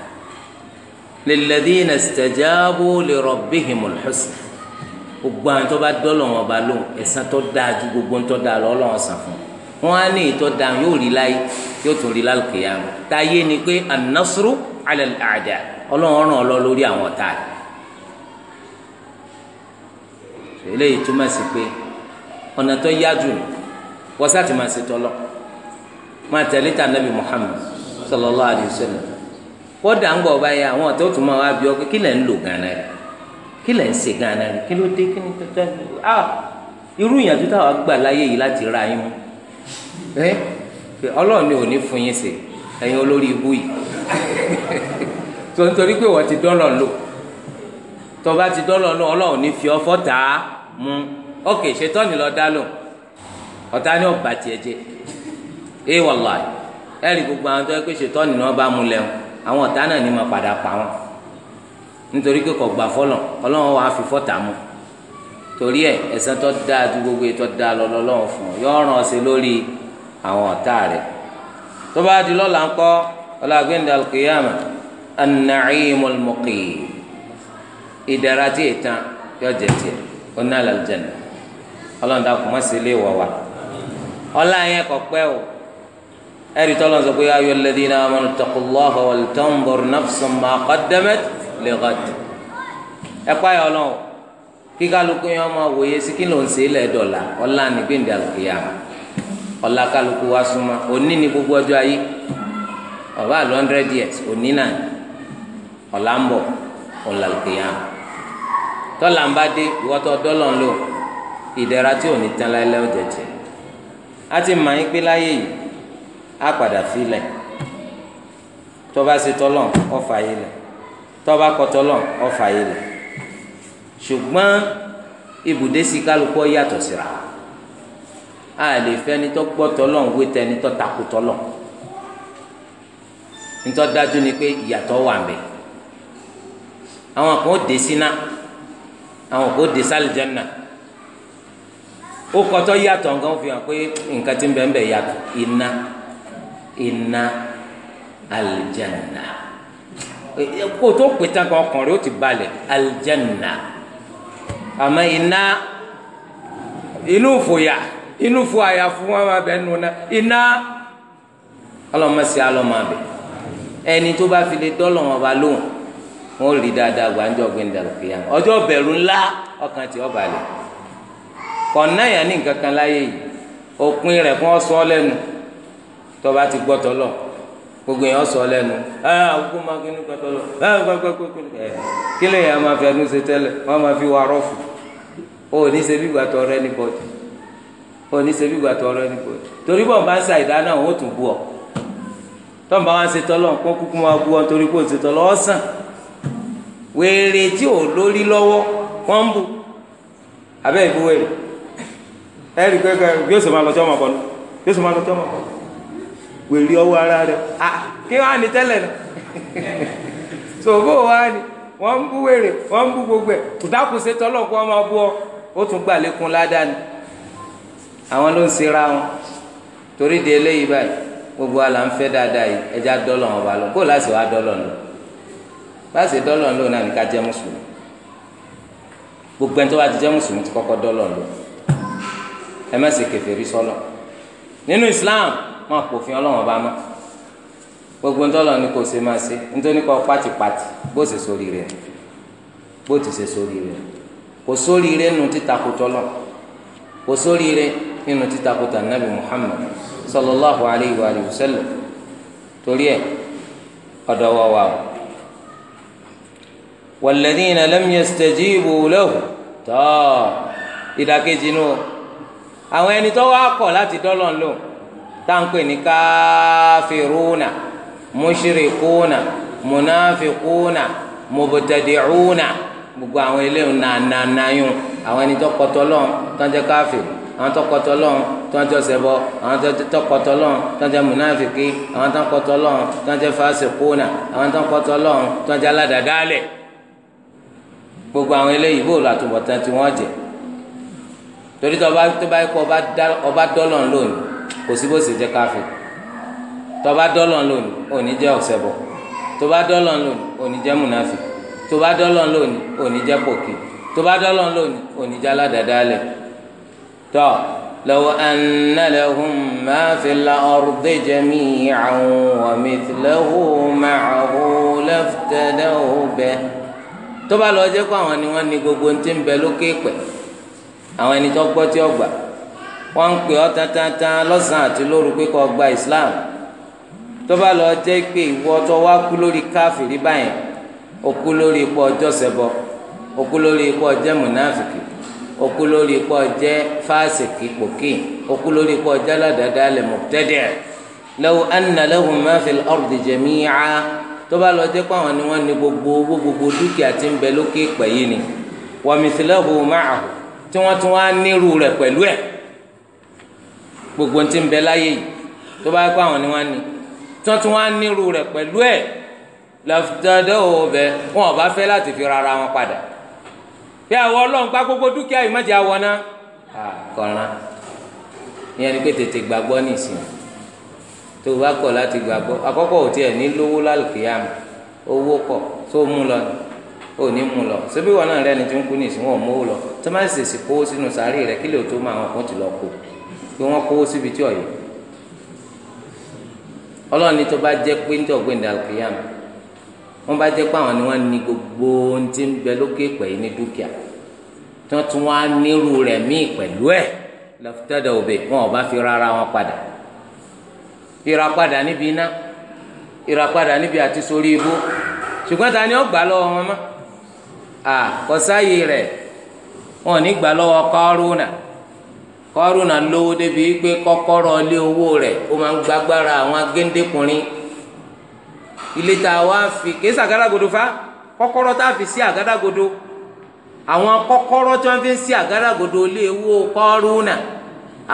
A: lilladhina istajabu li rabbihimul husna gbogbo àwọn tó bá dọ́lọ̀ wọn bá lóhùn ẹ̀san tó dáa ju gbogbo tó dáa lọ ọlọ́run sàn fún wọn á ní ìtọ́ dáa yóò rí láyé yóò tún rí lálùkìyàmù táyé ni pé an alẹ́ àdá ọlọ́run ràn lọ lórí àwọn ọ̀tá rẹ̀ eléyìí túmọ̀ sí pé ọ̀nà tó yá jù wọ́sá ti máa ṣe nabi Muhammad kódà ń àwọn ọ̀tá òtún máa wá bí ọ pé ń lò rẹ̀ kí lẹ̀ ń rẹ̀ kí ló dé kí ni ah, irú táwa gbà láyé yìí láti ra yín mú eh? ni fún yín ẹ̀yin olórí ibú yìí. tó nítorí pé wọ́n ti dọ́lọ̀ lò tó bá ti dọ́lọ̀ lò ọlọ́run ní fi ọfọ́ tà á mú ókè ṣetán ni lọ dá lò ọ̀tá ni ọ̀bà tiẹ̀ jẹ ẹ wàlá ẹ rí gbogbo àwọn tó yẹ pé ṣetán ni wọ́n bá mú lẹ́wọ̀n àwọn ọ̀tá náà ni mà padà pa wọn nítorí pé kò gbà fọlọ̀ ọlọ́run wàá fi fọ́tà mú torí ẹ ẹ̀san tó dáa ju gbogbo ètò dáa lọ lọ́lọ́run fún ọ yọ ọ̀ràn ọ̀sẹ̀ lórí àwọn ọ̀tá rẹ̀ tó bá di lọ́la ńkọ́ ọlọ́gbẹ́ndàlùkìyàmà an-na'imul muqim ìdára tí ìtàn yọ jẹ tiẹ̀ ọ̀nà àlàjẹ̀nà ọlọ́run dàkú má sí ilé wọ̀ wá ọlá yẹn kọ̀ pẹ́ o ẹ̀rí tọ́lọ́ sọ pé ayọ̀ alladhina amanu ittaqullaha wal tanzur nafsun ma qaddamat li ghad ẹ̀pá yọ ọlọ́run kí kálukú yẹn ọmọ wòye sí kí ló ń ṣe lẹ́ẹ̀dọ̀la ọlá ní gbẹ̀ǹdà lùkìyàmù ọlá kálukú wa súnmọ́ òní ni gbogbo ọjọ́ ayé ọba àlọ́ òní náà ọ̀la ń bọ̀ ọ̀la lùkìyà tọ́lá ń bá dé ìwọ́tọ̀ dọ́lọ̀ ń lò ìdẹ̀ra tí ò ní tán láéláé ó jẹ̀jẹ̀ á ti mọ̀ yín pé láyé yìí á padà filẹ̀ tọ́ba ṣe tọ́lọ̀ ọ̀fà yìí lẹ̀ tọ́ba kọ tọ́lọ̀ ọ̀fà yìí lẹ̀ ṣùgbọ́n ibùdé sí kálukú yàtọ̀ síra a lè fẹ́ ni tó gbọ́ tọ́lọ̀ ń wé tẹni tó takò tọ́lọ̀ ń dájú ni pé ìyàtọ̀ wà mẹ́ẹ̀ àwọn kan ó dé síná àwọn kan ó dé sálìjánà ó kọtọ́ yàtọ̀ nǹkan fi hàn pé nǹkan ti ń bẹ̀ ń bẹ̀ yàtọ̀ iná iná alìjánà kó tó pè tán kan ọkùnrin ó ti balẹ̀ alìjánà àmọ́ iná inú fòyà inú fò àyà fún wọn máa bẹ nùnà iná ọlọmọ sí alọmọ abẹ ẹni tó bá fi lè dọ́lọ̀ wọn bá lóhùn. wọn rí dáadáa gbà ńjọ gbẹndàlù kìyà ọjọ́ bẹ̀rù ńlá ọkàn tí ọba lẹ ní nǹkan kan láyé yìí òpin rẹ̀ fún ọsọ tọba ti tọlọ gbogbo yẹn ọsọ ẹ àwùkọ máa kí ní ẹ kí lè máa fi ẹnu ṣe wọn máa fi wà rọfù ó ní ṣe bí gbàtọ rẹ ní ó ní ṣe bí gbàtọ rẹ ní torí bá ń wèrè tí ò lórí lọ́wọ́ kọ́ńbù abẹ́ ìbú wèrè ẹ̀rí pẹ́ẹ́kẹ́ yóò sì máa lọ jọ́mọ̀ bọ́nu yóò sì máa lọ jọ́mọ̀ bọ́nu wèrè ọwọ́ ara rẹ̀ à kí wọ́n á ní tẹ́lẹ̀ náà sòfò wa ni wọ́n ń bú wèrè wọ́n ń bú gbogbo ẹ̀ kùtàkùsẹ tọ́lọ́kù ọmọ bú ọ ó tún gbà lékun ládàá ni àwọn ló ń sera wọn torí di eléyìí báyìí gbogbo wa là ń fẹ́ dáadáa yìí ẹja dọ́lọ̀ wọn bá lọ bó láti wá dọ́lọ̀ nù báṣe dọ́lọ̀ ńlò náà ní ká jẹ́ mùsùlùmí gbogbo ẹni tó bá ti jẹ́ mùsùlùmí ti kọ́kọ́ dọ́lọ̀ ńlò ẹ má ṣe kèfèrí sọ́lọ̀ nínú Islam máa pòfin ọlọ́wọ́n bá mọ́ gbogbo ńtọ́lọ̀ ni kò ṣe máa ṣe nítorí kọ́ pátìpátì bó ṣe sórí rẹ̀ bó ti ṣe sórí rẹ̀ kò sórí rẹ̀ nínú títakò tọ́lọ̀ kò sórí rẹ̀ nínú títakò tà nàbì Muhammad sallallahu alayhi wa sallam torí ẹ̀ ọ̀dọ̀ wọ́wọ́ àwọn. والذين لم يستجيبوا له تا ìdàkejì nù àwọn ẹni tó wá kọ̀ láti dọ́lọ̀ lò táǹpẹ̀ ní káfíìrúnà mushrikuna munafikuna mubtadi'una gbogbo àwọn eléyìí nànànàyún àwọn ẹni tó kọtọ lọ́n tó ń jẹ́ káfíìn àwọn tó kọtọ lọ́n tó ń jẹ́ ṣẹbọ àwọn tó kọtọ lọ́n tó ń jẹ́ munafiki àwọn tó kọtọ lọ́n tó ń jẹ́ fásikúnà àwọn tó kọtọ lọ́n tó ń jẹ́ aládàdálẹ̀ gbogbo àwọn eléyìí bóòlù àtúbọ̀tán tí wọ́n jẹ torí tó bá yẹ kó ọba dọ́lọ̀ ń lónìí kò sí bó sì jẹ́ káfí tó bá dọ́lọ̀ ń lónìí òní jẹ́ ọ̀sẹ̀bọ̀ tó bá dọ́lọ̀ ń lónìí òní jẹ́ múnáfì tó dọ́lọ̀ ń lónìí òní jẹ́ pòkì tó dọ́lọ̀ ń lónìí òní jẹ́ aládàádáalẹ̀ tó law anna lahum ma fil ardi jami'an wa mithluhu ma'ahu laftadaw tó bá lọ jẹ́ kó àwọn ni wọ́n ní gbogbo ní ti ń bẹ lókè pẹ̀ àwọn ẹni tó gbọ́ tí ó gbà wọ́n ń pè ọ́ tantan lọ́sàn-án àti lóru pé kó gba Islam tó bá lọ jẹ́ pé ìwọ tó wá kú lórí káfìrí báyìí ó kú lórí ipò ọjọ́ sẹ́bọ ó kú lórí ipò ọjẹ́ mùnáfìkì ó lórí ipò ọjẹ́ fásìkì pòkì ó lórí ipò ọjẹ́ aládàáda lẹ́mọ̀tẹ́dẹ̀ law anna lahum ma fil ardi tó bá lọ jẹ́ pé àwọn ni wọ́n ní gbogbo owó gbogbo dúkìá tí ń bẹ lókè pẹ̀ yìí ni wa mithlahu ma'ahu tí wọ́n tún wá nírú rẹ̀ pẹ̀lú ẹ̀ gbogbo tí ń bẹ láyé yìí tó bá jẹ́ pé àwọn ni wọ́n ní tí wọ́n tún wá nírú rẹ̀ pẹ̀lú ẹ̀ lọ́fíjọ́dọ́ òbẹ wọn ò bá fẹ́ láti fi rárá wọn padà bí àwọn ọlọ́run pa gbogbo dúkìá yìí má jẹ́ àwọn náà kọ̀ọ̀ràn ìyẹn ni pé tètè gbàgbọ́ nísìnyí tó o bá kọ̀ láti gbàgbọ́ àkọ́kọ́ ò tiẹ̀ ní lówó lálùkìyàmù owó kọ̀ tó o mú lọ ò ní mú lọ ṣé bí wọn náà rẹni tó ń kú ní ìsìn wọn ò mówó lọ tó má sì sì kówó sínú sàárì rẹ kí lè tó máa wọn kún ti lọ kó pé wọn kówó síbi tí ọyọ ọlọ́run ní tó bá jẹ́ pé ní ọ̀gbìn dàlùkìyàmù wọn bá jẹ́ pé àwọn ni wọ́n ní gbogbo ohun tí ń bẹ lókè pẹ̀ ní dúkìá tí wọ́n tún wá nírú rẹ̀ míì pẹ̀lú ẹ̀ lọ́fítẹ́dọ̀ òbí wọn ò bá fi rárá wọn padà ìràpadà níbi iná níbi àti sórí ibú ṣùgbọ́n ta ni ó gbà lọ́wọ́ wọn mọ́ à kò sáyé rẹ̀ wọn ò ní gbà lọ́wọ́ kọ́rùnà kọ́rùnà lówó débi pé kọ́kọ́rọ́ ilé owó rẹ̀ ó máa ń gbàgbára àwọn agéńdékùnrin ilé a wá fi kì í fa kọ́kọ́rọ́ tá fi sí àgádágodo àwọn kọ́kọ́rọ́ tí fi ń sí àgádágodo owó kọ́rùnà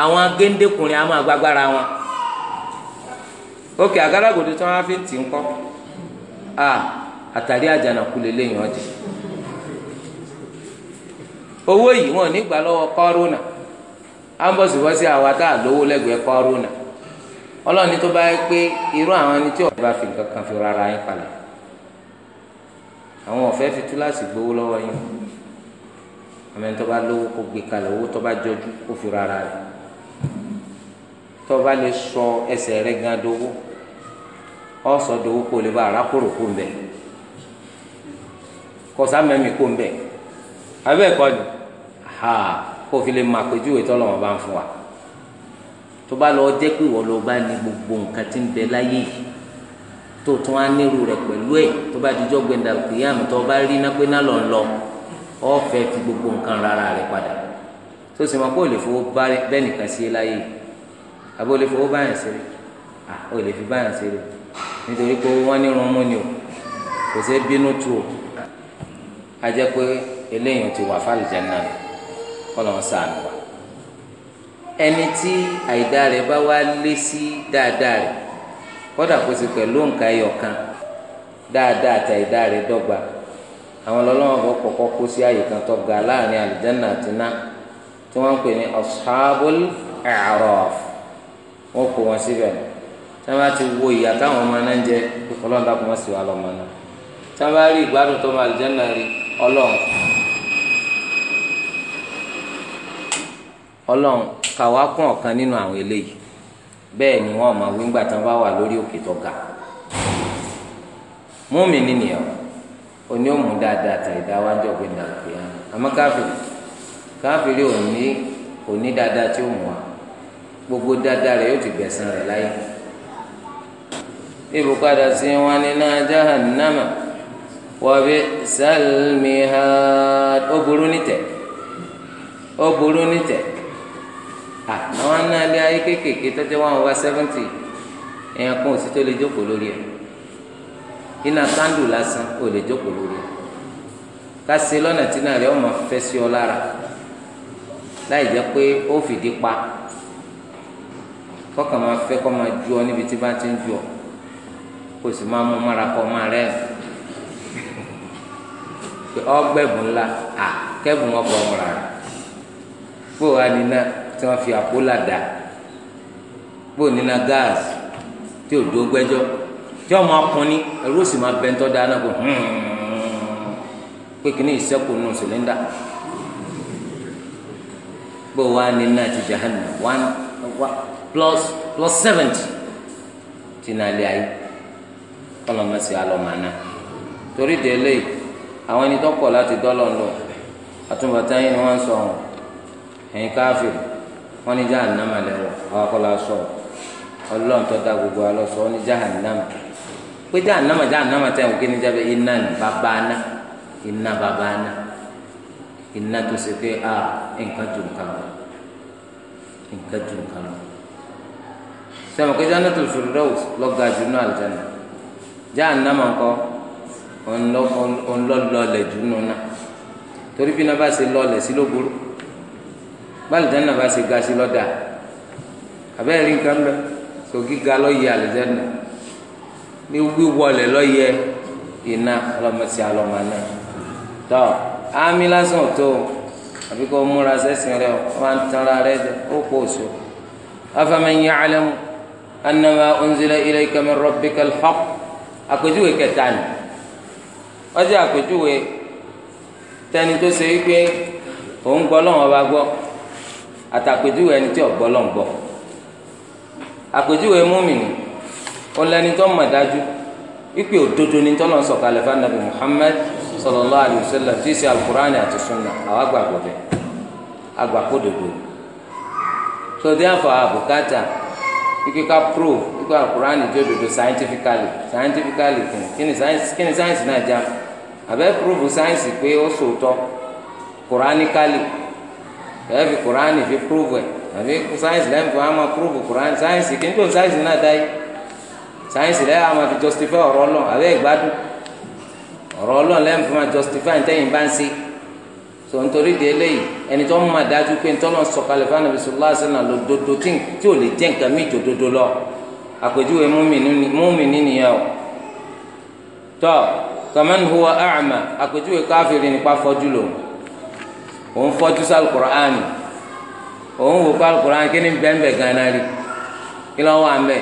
A: àwọn agéńdékùnrin á máa gbàgbára oke àgádágodo tí wọ́n á fi ń tì ń a àtàrí àjànàkú lélẹ́yìn ọjà owó yìí wọn nígbà lọ́wọ́ kọ́rọ́nà ambọ̀sibọ́sí àwa tá a lówó lẹ́gbẹ̀ẹ́ kọ́rọ́nà ọlọ́ọ̀ni tó bá yẹ pé irú àwọn ẹni tí fi nǹkan fi rárá yín àwọn fi túláàsì gbowó yín tó bá lówó kó gbé owó tó bá jọjú ọsọdọ owó kó lè ba àràkòrò kó ń bẹ kọsámẹmí kó ń bẹ abẹ ẹkọ ha kó fi lè bá fún wa tó bá lọ gbogbo bẹ láyé tó tún á nírú rẹ̀ pẹ̀lú tó bá dijọ́ lọ lọ gbogbo nǹkan rárá padà tó sì mọ kó o lè fowó bẹ́ẹ̀ nìkan sí láyé nítorí pé wọ́n ní ni o kò o a jẹ́ pé eléyìí ti wà fàlùjẹ́ náà kọ́nà ń ẹni tí àìdá rẹ̀ bá wá lé sí dáadáa rẹ̀ kódà kó sì pẹ̀lú nǹka dáadáa àti àìdá rẹ̀ dọ́gba àwọn ọlọ́wọ́n bọ̀ kọ́kọ́ kó sí àyè kan tó ga láàrin tí tí wọ́n ti wo ìyà táwọn ọmọ náà ń jẹ ọma dàpọ̀ mọ́ sí wa lọ́mọ náà tí wọ́n bá rí ìgbádùn tó máa jẹ́ náà rí ọlọ́run ọlọ́run kàwá kún ọ̀kan nínú àwọn eléyìí bẹ́ẹ̀ ni wọ́n máa wí ńgbà tí wọ́n bá wà lórí òkè tó ga múmi nìyẹn o ní tí ó gbogbo dáadáa rẹ̀ yóò ti rẹ̀ láyé. ibùpadà sí wọn ní náà jahannama wàbí sálmìhà ó burú nítẹ ó burú nítẹ àwọn náà lé ayé kéékèèké tọ́jú wọn wá sẹ́fúntì ẹ̀yàn kan ò tó lè jókòó lórí ẹ̀ iná kándù lásán ò lè jókòó lórí ẹ̀ ká ṣe tí náà rẹ̀ ọmọ fẹ́ sí ọ lára pé ó fìdí pa kọ́kàn máa fẹ́ kọ́ máa ju ọ níbi tí bá ti ń ju kó o sì máa mú mára kọ máa rẹ pé ọgbẹ́bùn ńlá à kẹ́bùn ọkọ̀ ọmọra rẹ̀ bó o wá níná tí wọ́n fi àpò làdà bó o níná gáàsì tí o dúró gbẹ́jọ́ tí ọmọ ọkùnrin ẹ̀rú òsì máa bẹ ń tọ́ da náà kó hmm. ìṣẹ́kù nù sílẹ́ńdà bó o ti jahannam one plus plus seventy ti nà ayé ọlọmọ sí alọmọana torí délé àwọn ẹni tó kọ̀ láti dọlọ ńlọ àtúbọ̀tán yìí ni wọ́n ń sọ ọhún ẹ̀yin káfíìn wọ́n ní jahannama lẹwọ àwọn akọlà sọ Ọlọ́run tó dá gbogbo alọ sọ wọ́n ní jahannama pé jahannama jahannama tẹ òkè ní jábẹ iná ní babaana iná babaana iná tó ṣe pé a nǹkan tó nǹkan lọ nǹkan tó nǹkan lọ sẹmọ pé jahannama tó fi náà àlùjáde jahannama ńkọ́ ńlọlọlẹ jù nùnà torí bí nàbà ṣe lọlẹ sí ló burú gbàlùjẹ́ nàbà ṣe ga sí lọ́dà abẹ́rẹ́ rí nǹkan bẹ́ẹ̀ so gíga lọ́yẹ àlùjẹ́nà ní wíwọlẹ̀ lọ́yẹ iná ọlọ́mọsí alọ́mọ náà tọ́ àmì lásán tó àbí kò múra sẹ́sìn rẹ wọ́n tẹ́ra rẹ jẹ ó pò so afaman ya'lamu annama unzila ilayka min rabbikal haqq. àpèjúwe kẹta ni wọ́n jẹ́ àpèjúwe tẹni tó ṣe wípé òun gbọ́ lọ́wọ́ bá gbọ́ àtàpèjúwe ẹni tí ò gbọ́ lọ́wọ́ gbọ́ àpèjúwe múmìnì ọlẹ́ni tó mọ̀ dájú wípé òdodo ni tọ́lọ̀ ń sọ̀kalẹ̀ fún anabi Muhammad sallallahu alayhi tí ṣe alukur'ani àti sunna àwọn àgbàgbọ́ bẹ́ẹ̀ ike ká prove ike alukurani tó dodo scientifically scientifically kìnnì kìnnì science kìnnì science na jam, àbẹ prove science pé ó sòótọ́ kuranikali ẹ fi kurani fi prove ẹ àbí science lẹ́yìn fún wa máa prove kurani science kìnnì tó science náà dá science lẹ́yìn wa máa fi justify ọ̀rọ̀ ọlọ́ọ̀ àbẹ ìgbádùn ọ̀rọ̀ ọlọ́ọ̀ lẹ́yìn fún wa justify ntẹ́yìn bá ń ṣe. so nítorí di eléyìí ẹni tó ń ma dájú pé ntọ́lọ́ sọ̀kalẹ̀ fún anabi sallallahu alaihi lọ dodo tí tí ò lè jẹ́ nǹkan mí lọ àpèjúwe nìyẹn o tọ huwa a'ma àpèjúwe káfíìrì nípa lò wò kí ni bẹ́ẹ̀ gan-an rí kí ló wà mbẹ́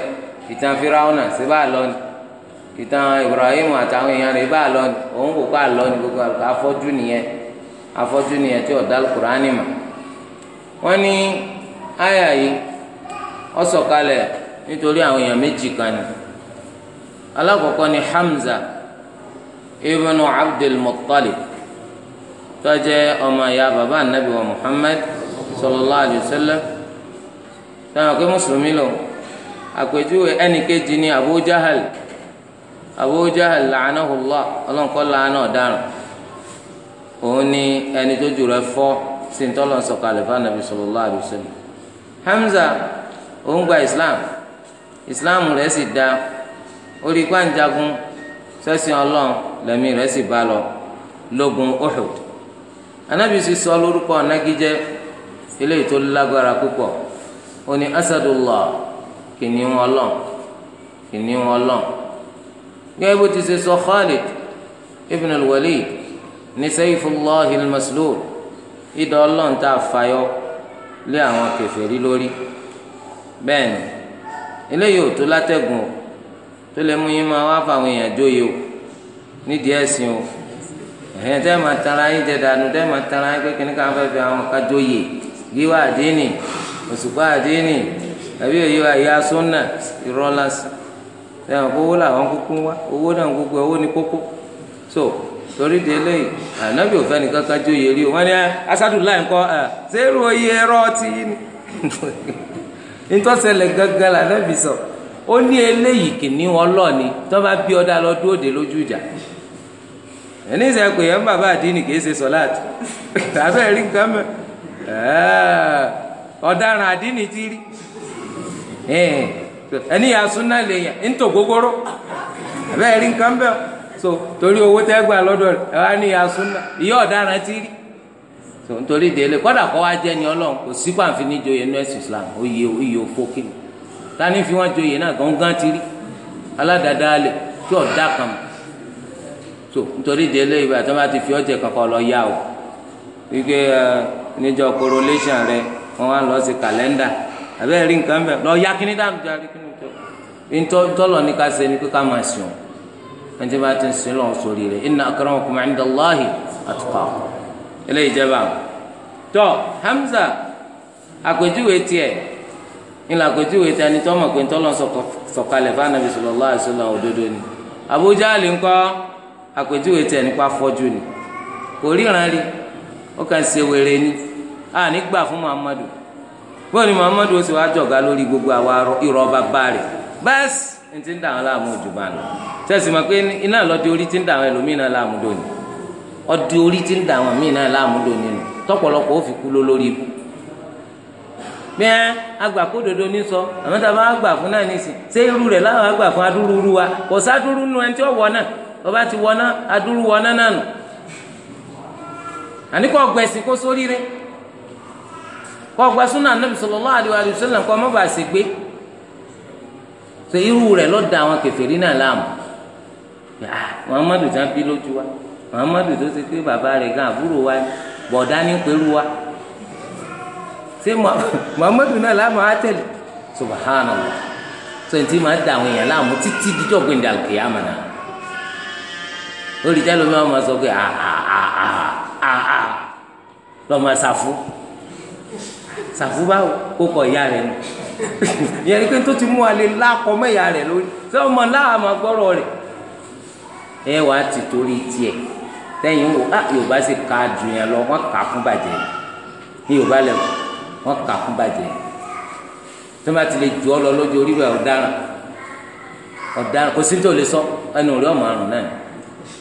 A: ìtàn firawuna sí ibrahim àtàwọn èèyàn rẹ̀ bá lọ ni wò ni gbogbo afọ́jú ni ẹ̀ tí ọ̀dà alukur'ani mà wọ́n ní àyà yìí ó sọ̀kalẹ̀ nítorí àwọn èèyàn méjì kan ni alákọ̀ọ́kọ́ ni Hamza ibnu Abdul Muttalib tó jẹ́ ọmọ ìyá bàbá anabi wa Muhammad sallallahu alayhi wa sallam táwọn akẹ́ mùsùlùmí lò àpèjúwe ẹnì kejì ni Abu Jahal Abu Jahal la'anahu Allah ọlọ́nkọ́ làánà ọ̀daràn òun ni ẹni tó jù rẹ̀ fọ́ sí ń tọ́lọ̀ sọ̀kalẹ̀ fún anabi sallallahu alaihi wasallam Hamza òun gba islam islam rẹ̀ sì da orí pàǹjagun sẹ́sìn ọlọ́run lẹ́mí rẹ̀ sì bá lọ lógun Uhud anabi sì sọ lórúkọ nagijẹ eléyìí tó lágbára púpọ̀ ó ní asadullah kìnìún ọlọ́run kìnìún ọlọ́run gẹ́gẹ́ bó ti ṣe sọ Khalid ibn al-Walid ní sayfullahi al-maslul idà ọlọ́run tá a fàyọ lé àwọn kèfèrí lórí bẹ́ẹ̀ ni eléyìí ò tó látẹ̀gùn o tó lè mú yín máa wá fáwọn èèyàn jóye o nídìí ẹ̀sìn o ẹ̀hìn tẹ́ máa tara yín jẹ dànù tẹ́ máa tara yín kékeré ká fẹ́ fi àwọn ká jóye yíwá àdínì òṣùpá àdínì àbí òye wa ìyá sọ́nà ìrọ́lásì ẹ̀ owó làwọn kúkú wá owó náà gbogbo owó ní kókó so torí de eléyìí ànábì òfẹ́ nìkan kan jó yẹ rí o wọ́n ní asádùláì ńkọ́ zero iye ẹ̀rọ tí (laughs) ntọ́sẹ̀lẹ̀ gángan ànábì sọ ó ní eléyìí kìíní ọlọ́ọ̀ni tó bá bí ọ̀dà lọ dúró de lójú ìjà ẹni sẹ pé ẹ bàbá àdínì kìí ṣe sọláàtì (laughs) nǹkan ọ̀daràn àdínì ti rí ẹni yà lè yàn so torí owó tẹ́ gbà lọ́dọ̀ rẹ̀ ẹ wá ní ìyá súnà ìyá ọ̀daràn ti rí so nítorí délé kọ́dà kọ́ wá ni ọlọ́run kò sí pàǹfin ní joyè nínú Islam oyè oyè òfo kìnnì tani fi wọn joyè náà gángan ti rí aládàáda alẹ tí ọ̀dà kan so nítorí délé ìgbà ti fi kankan lọ yá o wípé ẹ níjọ correlation rẹ wọn wá lọ sí kàlẹ́ndà àbẹ́rẹ́ nǹkan lọ yá dáàbò jáde ní ni ẹni tí bá ti ń sin lọ́n sórí rẹ̀ inna akramakum inda Allahi atqakum eléyìí jẹ́ bá wọn. Hamza àpèjúwe tiẹ̀ ńlá àpèjúwe tiẹ̀ ẹni tó mọ̀ pé ńtọ́lọ́ sọ̀kalẹ̀ fún anabi sallallahu alaihi òdodo ni Abu Jahl ńkọ́ àpèjúwe tiẹ̀ nípa fọ́jú ni kò ríran rí ó kàn ṣe wèrè ni a nígbà fún Muhammadu bọ́ọ̀ni Muhammadu ó sì wá jọ̀gá lórí gbogbo àwa bẹ́ẹ̀ sì ní ti ń dà wọn láàmú òjòba nù sẹ́sì mọ̀ pé iná lọ́dẹ orí ti ń dà ẹlòmíì náà láàmú dòní orí ti ń dà míì náà láàmú dòní nù tọpọlọpọ ó fi kú lólórí ibú bẹ́ẹ̀ agbà ní sọ àmọ́ tá a bá gbà fún náà nísì ṣé irú rẹ̀ láwọn fún adúrúurú wa kò nu ẹni tí ọba ti wọ náà adúrú wọ náà gbẹ̀sìn kó sóríire so irú rẹ̀ ló da àwọn kèfèrí náà láàmú ah, muhammadu tí wọn bí lójú wa muhammadu tó ṣe pé bàbá rẹ̀ gan àbúrò wa bọ̀dá ní pẹ̀lú wa ṣé (laughs) muhammadu náà láàmú á tẹ̀lé subhanallah so ntí máa da àwọn èèyàn láàmú títí díjọ́ gbẹ̀ndẹ̀ àlùkìyàmà náà olùjẹ́ lomi àwọn máa sọ pé àhàhàhà ah, ah, lọ́ọ́ máa ṣàfù ṣàfù báwo kó ìyá rẹ̀ nù ìyẹn ni pé tó ti mú wa lè lákọ mẹ́yà rẹ̀ lórí ṣé ọmọ láàmà gbọ́rọ̀ rẹ̀ ẹ wà á ti torí tiẹ̀ tẹ́yìn wò á ah, yorùbá sì ka jù yẹn lọ wọ́n kà fún bàjẹ́ ní yorùbá lẹ́wọ̀ wọ́n kà fún bàjẹ́ tó bá ti lè jù ọ lọ lójú orí rẹ̀ ọ̀daràn kò sí tó lè sọ ẹnu rẹ̀ ọmọ àrùn náà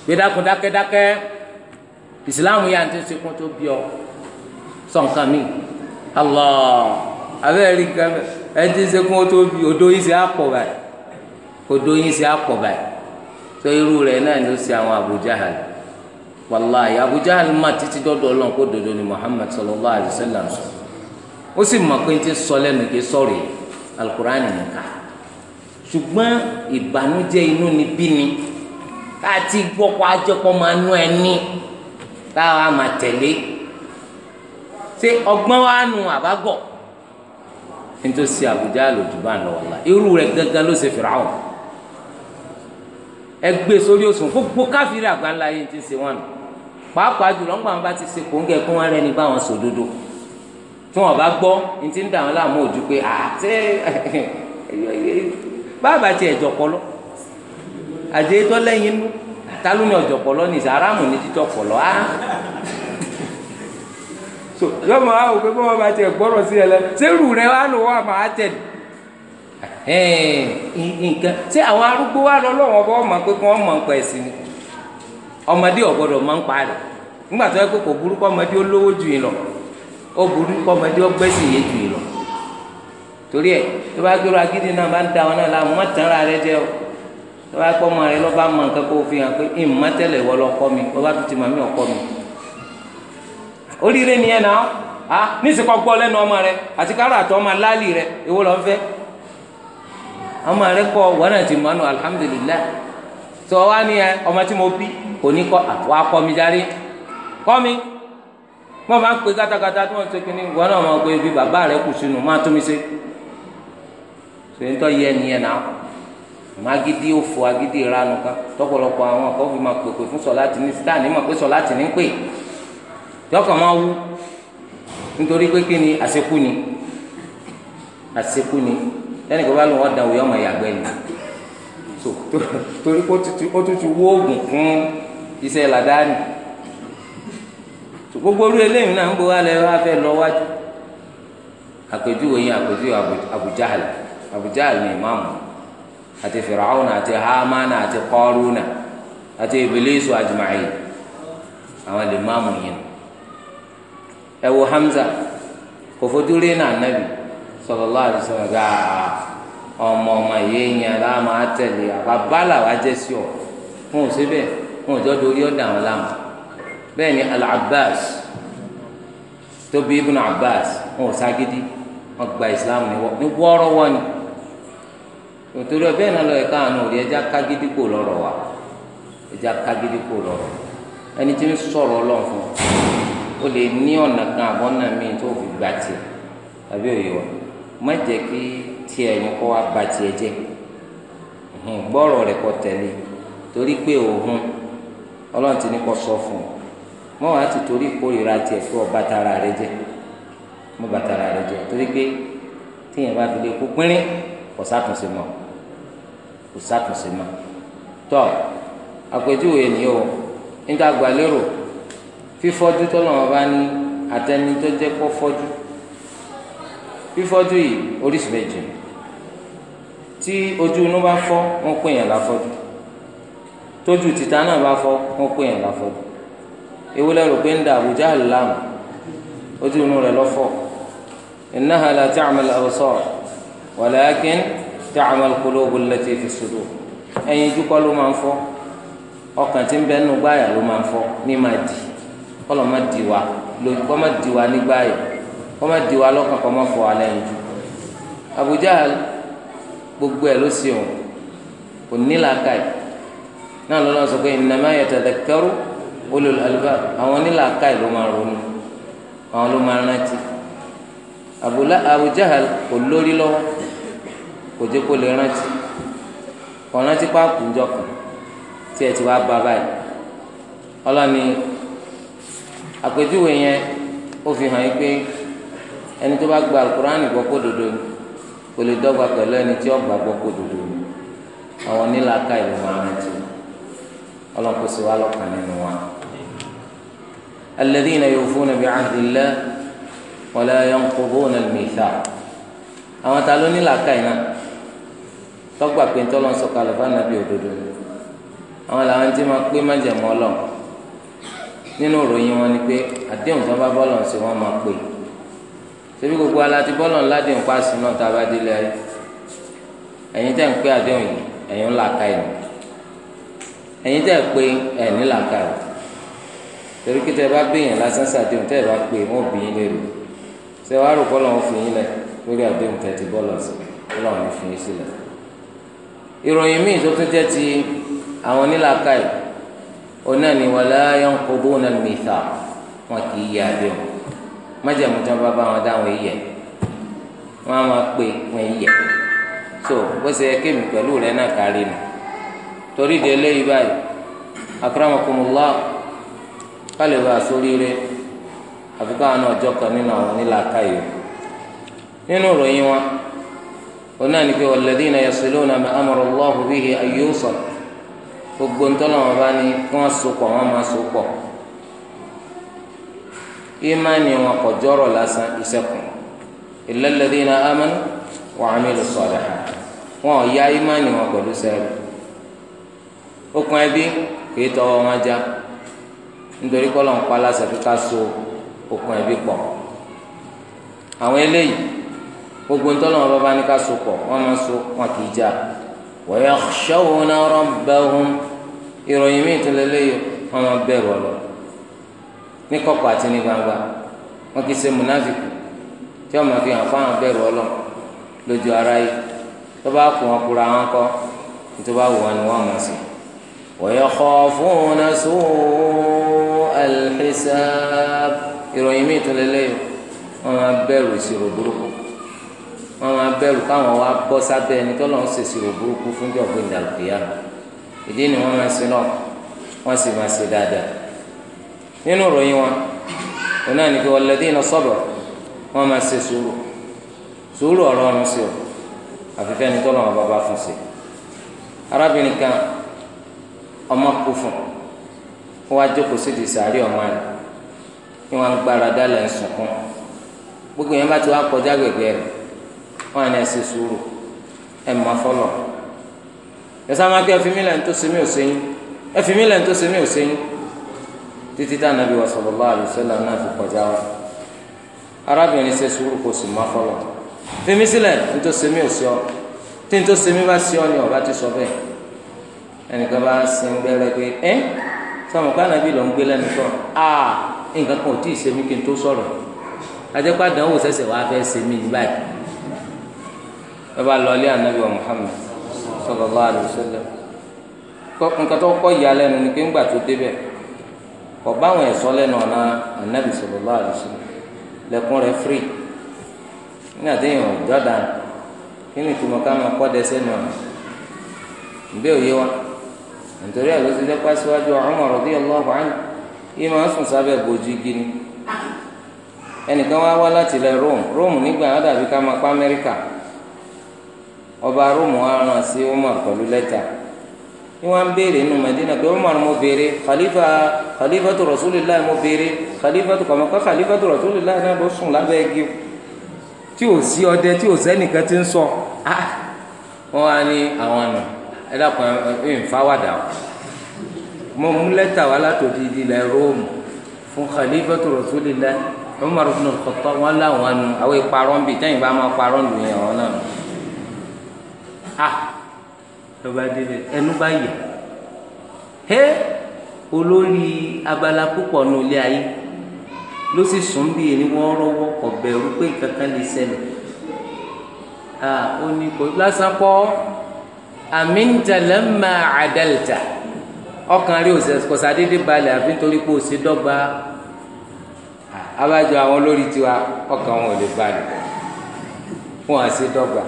A: gbé dákun dákẹ́dákẹ́ ìsìláàmù yà ń tẹ́ sekun tó bí ọ sọ̀nkà mi Allah abẹ́rẹ́ rí gẹ́gẹ́ ẹni tí ń ṣe kún ó tó bi odó yìí ṣe àpọ̀ báyìí odó yìí ṣe àpọ̀ báyìí tó irú rẹ̀ náà ló ṣe àwọn Abu Jahal wàláyé Abu Jahal má títí dọ́dọ̀ ọlọ́run kó dodo ni Muhammad sallallahu alayhi wa sallam sọ ó sì mọ̀ pé ti sọ lẹ́nu kí sọ̀rọ̀ yìí alukur'an nìkan ṣùgbọ́n ìbànújẹ́ inú ni bí ni láti gbọ́kọ̀ ajẹ́kọ̀ máa nú ẹni táwa máa tẹ̀lé ṣé ọgbọ́n wa nù àbágọ̀ nítorí sí àbújá lòdù bá ń lọ wàlá irú rẹ̀ gángan ló ṣe fìrà wọn ẹgbẹ́ e sórí òsùn gbogbo káfíìrì àgbáńlá yìí ti ń ṣe wọn nù pàápàá jùlọ ńgbà wọn bá ti ṣe kóńgẹ́ kó wọn rẹ́ni bá wọn sòdodo tí wọn bá gbọ́ ní ti ń dà wọn láàmú ojú pé àti (laughs) bàbá tiẹ̀ jọpọlọ àti ètò lẹ́yìn nú àtàlùmí ọ̀jọ̀pọ̀lọ́ ní ìsàrámù ní títọ́pọ̀lọ́ á. so yọ mọ àwọn òpè bá gbọ́rọ̀ sí ẹ lẹ rẹ wà tẹ̀ nǹkan ṣé àwọn arúgbó bọ́ ọmọ pé kí wọ́n mọ̀ nǹkan ẹ̀sìn ni ọmọdé ọ̀gbọ́dọ̀ máa ń pa rẹ̀ nígbà tó yẹ kó kò burú ọmọdé ó lówó ju yìí lọ ó ọmọdé ó yé ju yìí lọ torí ẹ tó bá náà bá ń da la rẹ oríire nìyẹn náà a ah, nísìkọ́ gbọ́ lẹ́nu ọmọ rẹ àti kárà àti ọmọ aláàlì rẹ èwo lọ fẹ́ ọmọ rẹ kọ wọn àti mọ́nù alhamdulillah tó wá ní ẹ ọmọ tí mo bí kò ní kọ́ wàá kọ́ mi járe kọ́ mi wọ́n máa ń pe kátàkátà tí wọ́n ti kí ni bàbá rẹ kù sínú magidi òfò agidi ìranu kan tọpọlọpọ àwọn akọfin máa pèpè fún sọláàtì ní sítáà ní mọ̀ pé yọkàn máa wú nítorí pé kí ni àsekú ni àsekú ni lẹ́nu ìgbà ló wọ́n na yọmọ ìyàgbẹ́ ni so (laughs) torí ó wó oògùn fún iṣẹ́ làdáni gbogbo orí eléyìí náà ń bo alẹ́ wá fẹ́ lọ wájú àpèjúwe yín àpèjúwe Abu Jahl ati Jahl ni ìmáàmù àti Fir'auna àti Hamana àti àti àwọn lè máàmù ẹ wo Hamza kò fojú rí nà nàbì sallallahu gàá ọmọ ọmọ yìí la máa tẹ̀lé àbábá làwọn sí ọ fún òṣèbẹ̀ fún òjọ́ dorí ọ̀dà wọn láwọn bẹ́ẹ̀ ni Al-Abbas wọn gba Islam ní ni nítorí ọbẹ̀ náà lọ àánú wa kò ẹni o lè ní ọ̀nà kan àbọ̀nà míì tó fi gba tiẹ̀ tàbí òye wa má jẹ́ kí tiẹ̀ yín kọ́ wa ba tiẹ̀ jẹ́ gbọ́rọ̀ rẹ̀ kọ́ tẹ̀lé torí pé òun ọlọ́run ti ní kọ́ sọ fún un mọ́ wàá ti torí ìkórìíra tiẹ̀ fún ọba tara rẹ jẹ́ mọ́ bàtà ara rẹ jẹ́ torí pé tíyẹn bá fi lè kú pínrín kò sátúnṣe mọ́ kò sátúnṣe mọ́ tọ́ ni o níta gbà fífọ́jú tọ́lọ́wọ́n bá ní àtẹni tó jẹ́ kó fọ́jú fífọ́jú yìí oríṣi méjì tí ojú inú bá fọ́ wọ́n pè yàn láfọ́jú tójú títa náà bá fọ́ wọ́n pè yàn láfọ́jú ewu lẹ́rù pé ń da àbújá làmù ojú inú rẹ̀ lọ́fọ́ innaha la ta'mal absar walakin ta'mal qulubul lati fi sudur ẹ̀yin ojú ló máa ń fọ́ ọkàn tí ń bẹ́ẹ̀ nù gbáyà ló máa ń fọ́ ní máa kọlọ ma di wa lójú kọ ma di wa nígbà yẹ kọ ma di wa lọ́kàn kọ ma fọ alẹ yìí Abu Jahl gbogbo ẹ ló sì ọ kò nílà ka yìí náà lọ́nà sọ pé innama yatadhakkaru ulul albab àwọn nílà ka yìí ló máa ronú àwọn ló máa rántí Abu Jahl kò lórí lọ́wọ́ kò jẹ́ kó lè rántí kò rántí pàápàá njọ́ kan tí ẹ ti wá bá báyìí ọlọ́ni àpèjúwe yẹn ó fi hàn yín pé ẹni tó bá gba alukur'an gbọ́ kó dodo kò lè dọ́gba pẹ̀lú ẹni tí ó gbà gbọ́ kó dodo àwọn onílàáka ìlú máa ń tì ọlọ́kùn sí wa lọ́kàn nínú wa. الذين يوفون بعهد الله ولا ينقضون الميثاق أما ta لا ní làákàyè náà tọ́gbà pé ń tọ́lọ́ sọ̀kalẹ̀ fún anabi òdodo àwọn làwọn ti máa nínú ìròyìn wọn ni pé àdéhùn tó bá bọ́lọ̀ sí wọn máa pè ṣebí gbogbo aláti bọ́lọ̀ ládéhùn pàṣẹ náà tá a bá délé ayé ẹ̀yin tẹ́ ń pé àdéhùn yìí ẹ̀yin ń làákà yìí ẹ̀yin tẹ́ ń pé ẹ̀ ní làákà yìí torí kí tẹ́ bá gbìyàn lásán sàdéhùn tẹ́ bá pé wọn ò bí yín lérò ṣé wàá rò bọ́lọ̀ wọn fún yín lẹ̀ lórí àdéhùn tẹ́ ti bọ́lọ̀ sí bọ́lọ̀ wọn fún yín sílẹ̀ ìròyìn míì tó tún jẹ́ ti àwọn nílàákà yìí onáà ni wala yanquduna al-mithaq wọn kì í yẹ abẹ́ wọn májàmú tí wọn bá bá wọn dá wọn yẹ wọn á máa pè wọn yẹ so bó ṣe yẹ kémi pẹ̀lú rẹ náà kárí nu torí de eléyìí báyìí akramakumullah kálí bá a sórí rẹ àfi kan nínú àwọn onílàáká yìí nínú ìròyìn wọn onáà ni pé walladhina yasiluna ma amara Allahu bihi an yusal. gbogbo ntọ́lọ̀ wọn bá ní kí wọ́n so pọ̀ wọ́n máa so pọ̀ ìmánì wọn kò jọrọ̀ lásán wa wọn ya ìmánì wọn pẹ̀lú sẹ́ẹ̀rù okùn ẹbí kìí tọwọ́ wọn já nítorí ká so okùn ẹbí pọ̀ àwọn eléyìí ويخشون ربهم ìròyìn míì tó lélẹ́yìn wọn máa bẹ̀rù ọ̀lọ́ ní kọ̀kọ̀ àti ní gbangba wọn kì í ṣe múnáfìkù tí wọn máa fi hàn fáwọn bẹ̀rù ọ̀lọ́ lójú ara yìí tó bá kù wọn kura wọn kọ́ tó bá wù wọn ni wọn máa ṣe. ويخافون سوء الحساب ìròyìn míì tó lélẹ́yìn wọn máa bẹ̀rù ìṣirò burúkú wọn máa bẹ̀rù káwọn wá bọ́ sábẹ́ ẹni tó lọ́n ṣèṣì rò burúkú fún jọ̀gbìn ìdàlùkìyà ìdí ni wọ́n máa ń sin náà wọ́n sì máa ṣe dáadáa nínú ìròyìn wọn òun náà ní kí walladhina sabaru wọ́n máa se sùúrù sùúrù ọ̀rọ̀ ọ̀run sí o àfikẹ́ ni tọ́lọ̀ wọn bàbá fún sí arábìnrin kan ọmọ kú fún kó wá jókòó sí di sàárì ọmọ rẹ̀ kí wọ́n gbára dálẹ̀ ń sùn kún gbogbo yẹn bá ti wá kọjá gbègbè rẹ̀ wọn àná ẹsẹ sùúrù ẹ mọ afọlọ ẹsẹ máa gbé ẹfí mi lẹ́nu tó sẹ́mi ò sẹ́yìn ẹfí mi lẹ́nu tó sẹ́mi ò sẹ́yìn títí tá ànábi wa sallallahu alaihi wasallam náà fi kọjá wa arábìnrin ṣe sùúrù kò sì mọ afọlọ fími sílẹ̀ ntó sẹ́mi ò sí ọ tí ntó sẹ́mi bá sí ọ ni ọba ti sọ bẹ́ẹ̀ ẹnìkan bá sin gbẹrẹ ẹ sọmọ pé ànábi ló ń gbé lẹ́nu tọ́ a nǹkan kan ò tí ì sẹ́mi kí n tó sọ̀rọ̀ ajẹ́pá dánwò sẹ́sẹ̀ wá fẹ́ sẹ́mi báyìí ebe bá anabi wa Muhammad sallallahu alaihi wasallam nǹkan tó kọ́ ìyá lẹ́nu ni pé ńgbà tó débẹ̀ kò báwọn ẹ̀sọ́ anabi sallallahu alaihi wasallam lẹ́kùn firi nígbà téèyàn kí ni ìtumọ̀ ká máa kọ́ dẹsẹ́ nù òye wa nítorí yìí máa ń sùn sábẹ́ bojú igi ni ẹnìkan wá wá láti Rome Rome nígbà wọn dàbí ká máa ọba róòmù wa rán sí umar pẹ̀lú lẹ́tà ni wọn béèrè nínú madina pé umar mo béèrè khalifa khalifa tó rasulillah mo béèrè khalifa tó kọmọ kọ khalifa tó rasulillah náà ló sùn lábẹ́ igi tí ò sí ọdẹ tí ò sẹ́nìkan ti ń sọ ah wọn wá ní àwọn àna ẹ dàpọ̀ ẹ ń fáwàdà mo mú lẹ́tà wa látòdì ilẹ̀ róòmù fún khalifa tó rasulillah umar ibn al wọn láwọn àna àwọn ìparọ́ ń bì tẹ́yìn bá máa parọ́ nù wọn náà a lọ́ba délé ẹnu bá yẹ hé olórí abala púpọ̀ nù ilé ayé ló sì sùn bí ẹni wọ́n rọ́wọ́ ọ̀bẹ̀rù pé kankan lè ṣẹlẹ̀ a ó ní kò lásán kọ́ àmìntàlẹ́mà àdàlìtà ọkàn rí òsèkòsàdédé balẹ̀ àfi nítorí pé òsè dọ́gba abájọ àwọn olórí tiwa ọkàn wọn ò lè balẹ̀ wọn àsè dọ́gba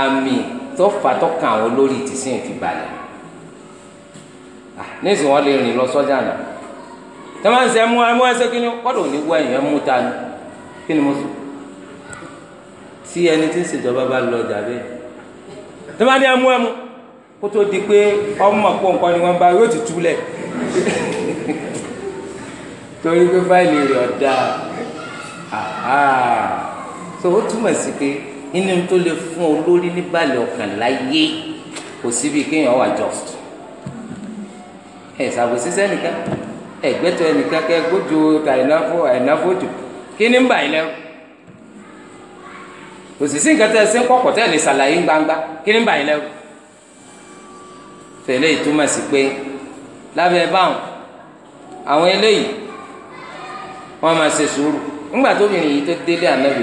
A: àmì tó fà tó kan àwọn olórí tìsín fi balẹ̀ ah, nísìnyí wọn lè rìn lọ sọ́jà náà tó mú ẹmú ẹsẹ́ kí ni kọ́dọ̀ ní wọ ẹ̀yìn ẹmú ta ni kí ni mo sọ tí ẹni tí ń ṣèjọba bá lọ ọjà bẹ́ẹ̀ ẹmú ẹmú kó tó di pé ọmọ pọ̀ nǹkan ni wọ́n bá yóò ti túlẹ̀ (laughs) torí pé fáìlì rẹ̀ ọ̀dà ah, ah. so ó túmọ̀ sí pé. inú tó lè fún olórí níbàlẹ̀ ọkàn láyé kò síbi kéèyàn wà just ẹ ṣàbòsí sẹ́nìkan ẹ̀gbẹ́tọ̀ ẹnìkan kẹ́ gbójú àìnáfó àìnáfó jù kí ni ń bà yín lẹ́rù nǹkan tẹ́ ẹ sí ń kọ́kọ́ ẹ lè ṣàlàyé gbangba kí ni ń sí pé báwọn àwọn eléyìí máa ṣe sùúrù ńgbà tóbi nìyí tó délé ànábì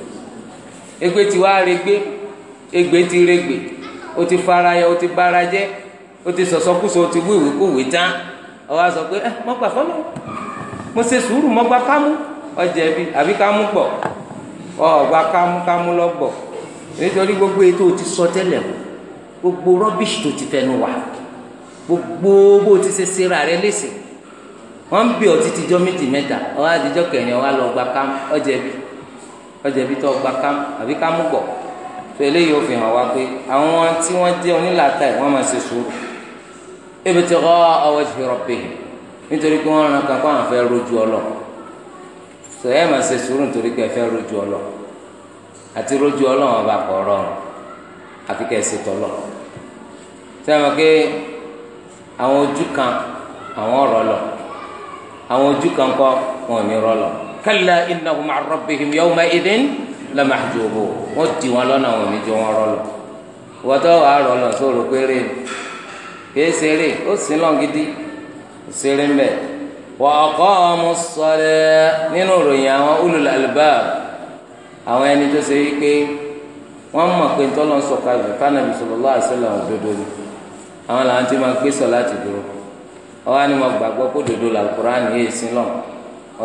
A: egbe ti wá regbe egbe ti regbe o ti farayọ o ti barajẹ o ti sọsọkúsọ o ti wú ìwé kó wé tán ọwọ sọ pé ẹ eh, mọgbà fọlọ mo ṣe sùúrù mọgbà kámú ọjà ẹbí àbí kámú gbọ ọgbà kámú kámú lọgbọ nítorí gbogbo ètò o ti sọ tẹ́lẹ̀ o gbogbo rọbìṣì tó ti fẹnu wà gbogbo bó ti ṣe ṣe ra rẹ lẹsẹ wọn bí ọtí tijọ méjì mẹ́ta ọwọ àtijọ kẹrin ọwọ àlọ ọgbà kámú ọjà ẹbí ọjà ibi tó gba ká àbí ká mú gbọ tó eléyìí ó fi hàn wá pé àwọn tí wọn jẹ onílàta ẹ wọn máa ṣe sùúrù ebi tí ọ ọwọ ti fi rọpè nítorí pé wọn ràn kankan àwọn fẹ́ rojú ọlọ tó ẹ máa ṣe sùúrù nítorí pé ẹ fẹ́ rojú ọlọ àti rojú ọlọ wọn bá kọ ọ̀rọ̀ àfi kẹ ẹ ṣe tọlọ tẹ ẹ mọ pé àwọn ojú kan àwọn ọ̀rọ̀ lọ àwọn ojú kan kọ wọn ò ní rọ lọ kalla innahum an rabbihim yawma idhin lamahjubu wọn ti wọn lọ́nà wọn mi jọ wọn rọlọ wọtọ wàá rọlọ sóòrò péré kìí ṣeré ó sì lọ gidi ṣeré ń bẹ wa aqamus salat nínú ìròyìn àwọn ulul albab àwọn ẹni tó ṣe wípé wọn mọ pé ntọ́lọ́ ń sọ̀ka ìfẹ́ká nàbì sallallahu alaihi wasallam òdodo ni àwọn làwọn ti máa ń pèsè láti dúró ọwọ́ ni mo gbàgbọ́ kó dodo làlùkùránì yìí sí lọ́wọ́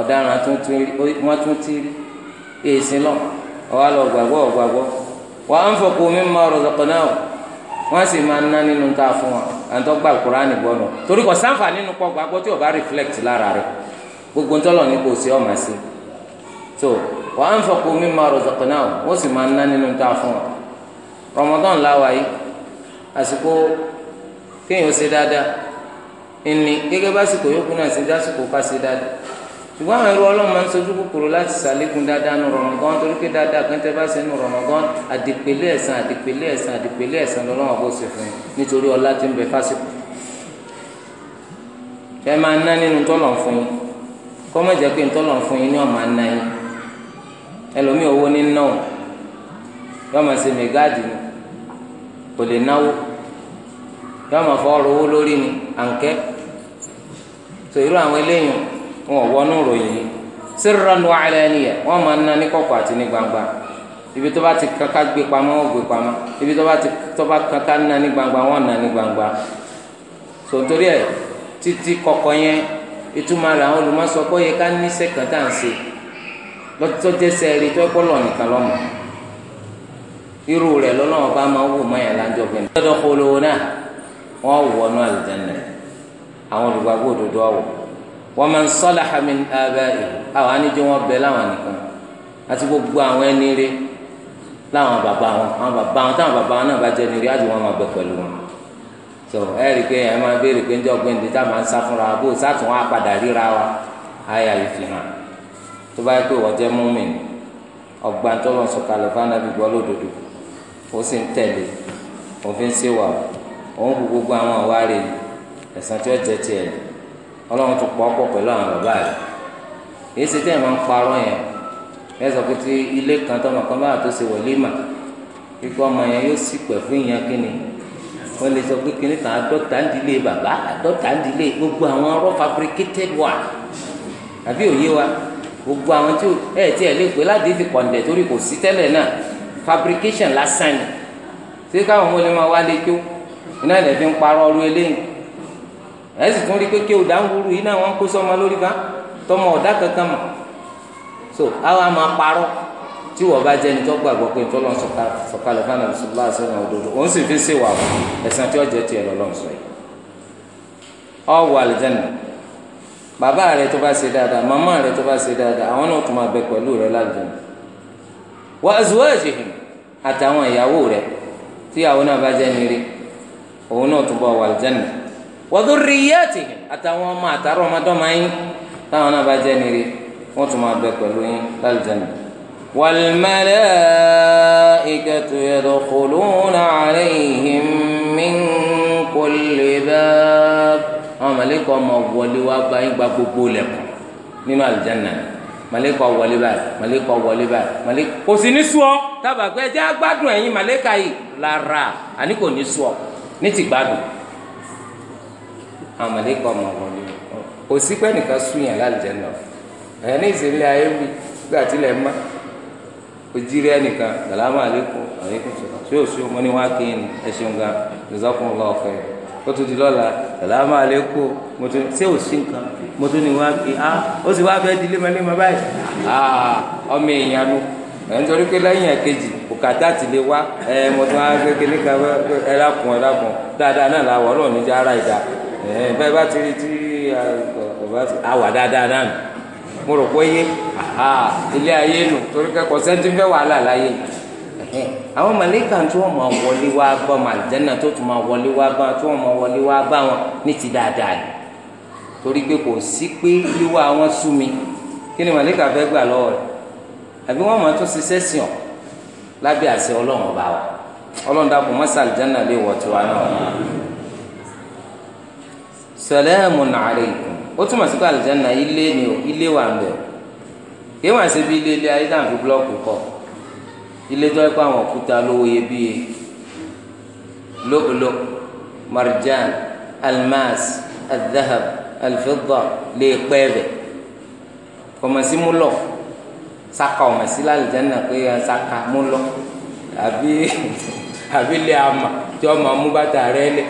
A: ọ̀daràn wọ́n tún ti rí èsì lọ ọ̀wá lọ gbàgbọ́ ọ̀gbàgbọ́ wà á ń fọkù mimma razaqnahu wọ́n sì máa ná nínú tá a fún wa àtọ́gbà kúránì gbọ́dọ̀ torí kò sáǹfà nínú pọ̀ gbàgbọ́ tí o bá reflect lára rẹ̀ gbogbo ntọ́lọ̀ ní kò sí ọ̀mà sí so wà á ń fọkù mimma razaqnahu wọ́n sì máa ná nínú tá a fún wa Ramadan láwa yìí àsìkò kéèyàn ṣe dáadáa ẹni gẹ́gẹ́ bá àsìkò yókù náà ṣe dásìkò ká ṣe dáadáa ṣùgbọ́n àwọn ẹrú ọlọ́run máa ń sojú kúkúrú láti ṣàlékún dáadáa nù Ramadan torí pé dáadáa kan tẹ́ bá ṣe nù Ramadan àdìpẹ́lẹ́ ẹ̀san àdìpẹ́lẹ́ ẹ̀san àdìpẹ́lẹ́ ẹ̀san lọ́lọ́wọ́n bó ṣe fún yín nítorí ọlá tí ń bẹ fásitì. ẹ máa ná nínú tọ́lọ̀ fún yín kọ́ mọ̀ jẹ́ pé tọ́lọ̀ fún yín ni ọ̀ máa ná yín ẹlòmíì owó ní náà yọ máa ṣe mẹgáàdì ni kò lè náwó yọ máa fọ ọrọ̀ owó lórí ni àǹkẹ́ tòyíró àwọn eléyìí wọn ò wọnú ròyìn sirran wa alaniya wọn máa ń ná ní kọ̀kọ̀ àti ní gbangba ibi tó bá ti kaka gbé pamọ́ wọn gbé pamọ́ ibi tó bá ti tó bá kaka ná ní gbangba wọn ná ní gbangba sòtòrí ẹ títí kọ̀kọ̀ yẹn ìtumọ̀ rẹ̀ àwọn olùmọ̀sọ kọ́ yẹ ká ní tó lọ́mọ irú lọ́lọ́wọ́ bá wa man salaha min aba'ihim àwọn anijẹ́ wọn bẹ láwọn nìkan àti gbogbo àwọn ẹni rí láwọn bàbá wọn àwọn bàbá wọn táwọn bàbá wọn náà bá jẹ ẹni àjò wọn máa bẹ pẹ̀lú wọn so ẹ rí i pé ẹ máa béèrè pé njẹ́ ọgbẹ́ ndé tá a máa ń sá fúnra bó sátún wọn apàdà ríra wa ayé àyè fi hàn tó bá yẹ pé wọ́n jẹ́ múmin ọgbà tó lọ sọ kalẹ̀ fanabi gbọ́ lódodo ó sì ń tẹ̀lé òfin ṣèwà òun kú gbogbo àwọn àwárí ẹ̀sán tí ó jẹ tiẹ̀ ọlọ́run tó pọ̀ pọ̀ pẹ̀lú àwọn bàbá rẹ̀ èyí ṣe tẹ́yìn máa ń parọ́ yẹn ẹ sọ pé tí ilé kan tọmọ kan báyà tó ṣe wọ̀límà kíkọ́ ọmọ yẹn yóò sì pẹ̀ fún ìyẹn kínni wọ́n lè sọ pé kínní kan àdọ́ta ń dilé bàbá àdọ́ta ń dilé gbogbo àwọn ọ̀rọ̀ fabricated wà àbí òye wa gbogbo àwọn tí ẹ ti ẹ̀ lè pé láti fi kọ̀ǹdẹ̀ torí kò sí tẹ́lẹ̀ náà fabrication lásán ni ṣé káwọn ọmọ lè máa wá lé kí ó iná ilẹ̀ fi ń parọ́ ọrú eléyìí ẹ sì tún rí pé kéwù dáńgúrú yìí náà wọ́n kó sọ́mọ lórí bá tọmọ ọ̀dá kankan mọ̀ so àwa máa parọ́ tí wọ́n bá jẹ́ ẹni tó gbàgbọ́ pé tó lọ sọ̀kalẹ̀ fún àwọn ṣùgbọ́n àti ṣẹ́yìn òdodo òun sì fi ṣèwà fún ẹ̀sán tí ọ̀jẹ̀ tiẹ̀ lọ́lọ́ sọ yìí. ọ̀wọ̀ àlùjẹ́nà bàbá rẹ tó bá ṣe dáadáa màmá rẹ tó bá ṣe dáadáa àwọn náà tún máa bẹ pẹ̀lú rẹ lálùjẹ́nà. wà á zuwọ́ ẹ̀jẹ̀hìn àtàwọn ìyàwó rẹ tíyàwó náà bá jẹ́ nírí òun náà tún bọ̀ wà àlùjẹ́nà wa dhurriyyatihim àtàwọn ọmọ àtàrọ ọmọdọ́mọ yín táwọn náà bá jẹ́ nìrí wọ́n tún máa bẹ pẹ̀lú yín lálùjẹ́nà. wal malaikatu yadkhuluna alayhim min kulli bab àwọn màlẹ́kọ̀ ọmọ wọlé wá gba yín gba gbogbo lẹ́kọ̀ọ́ nínú àlùjẹ́nà màlẹ́kà wọlé báyìí màlẹ́kà wọlé báyìí màlẹ́kà kò sí ní sùọ́ tábàgbẹ́ jẹ́ agbádùn ẹ̀yin màlẹ́kà yìí lára àní ní sùọ́ ní ti gbádùn àwọn mọ̀lẹ́kọ̀ ọmọ wọlé kò sí pé nìkan sún yàn lálùjẹ́ náà ẹ̀yàn ní ìsìnlẹ̀ ayé wí gbà tilẹ̀ mọ́ ojúrí ẹnìkan sàlámù àlékún àlékún sọ̀rọ̀ tí yóò sún ọmọ ní wáá kéyìn ẹ ṣeun gan ìzọkùn lọ ọ̀fẹ́ ó tún di lọ́la sàlámù àlékún mo tún ṣé ò sí nǹkan mo tún ní wáá ké á ah, ó sì wáá fẹ́ di lémọ́lémọ́ báyìí ah, ọmọ èèyàn nu ẹ̀ ń torí pé lẹ́yìn ẹ̀kejì bùkátà ti lè wá ẹ̀ mo tún wáá kékeré kan ẹ̀ lákùn ẹ̀ lákùn dáadáa náà làwọ̀ ọlọ́run níjà ara ìdá bẹ́ẹ̀ bá ti rí tí àwà dáadáa náà mo rò pé yé ilé ayé nù torí kẹ́kọ̀ọ́ sẹ́ńtì fẹ́ wàhálà láyé àwọn màlẹ́kà tí wọ́n máa wọlé wá bá wọn àlìjẹ́nà tó tún máa wọlé wá bá wọn tí wọ́n máa wọlé wá bá wọn ní ti dáadáa yìí torí pé kò sí pé wíwá wọn sú mi kí ni màlẹ́kà fẹ́ gbà lọ́wọ́ rẹ̀ àbí wọ́n máa tún ṣiṣẹ́ sìn ọ́ lábẹ́ àṣẹ ọlọ́run ọba wa ọlọ́run dàpọ̀ mọ́sálì jẹ́nà lè wọ̀ tiwa náà salamun alaykum ó túmọ̀ sí pé àlùjáná ilé ni o ilé wà ń bẹ̀ o kí wọ́n ṣe bí ilé ilé ayé dàn fi búlọ́ọ̀kù kọ́ ilé tó yẹ kó àwọn òkúta lówó iyebíye lóbuló marjan almas adahab alfidda lè pẹ́ bẹ̀ kọ̀mọ̀sí múlọ̀ saka ọ̀mọ̀sí lálùjáná pé saka múlọ̀ àbí (laughs) àbí lè ama tí ọmọ mú rẹ lé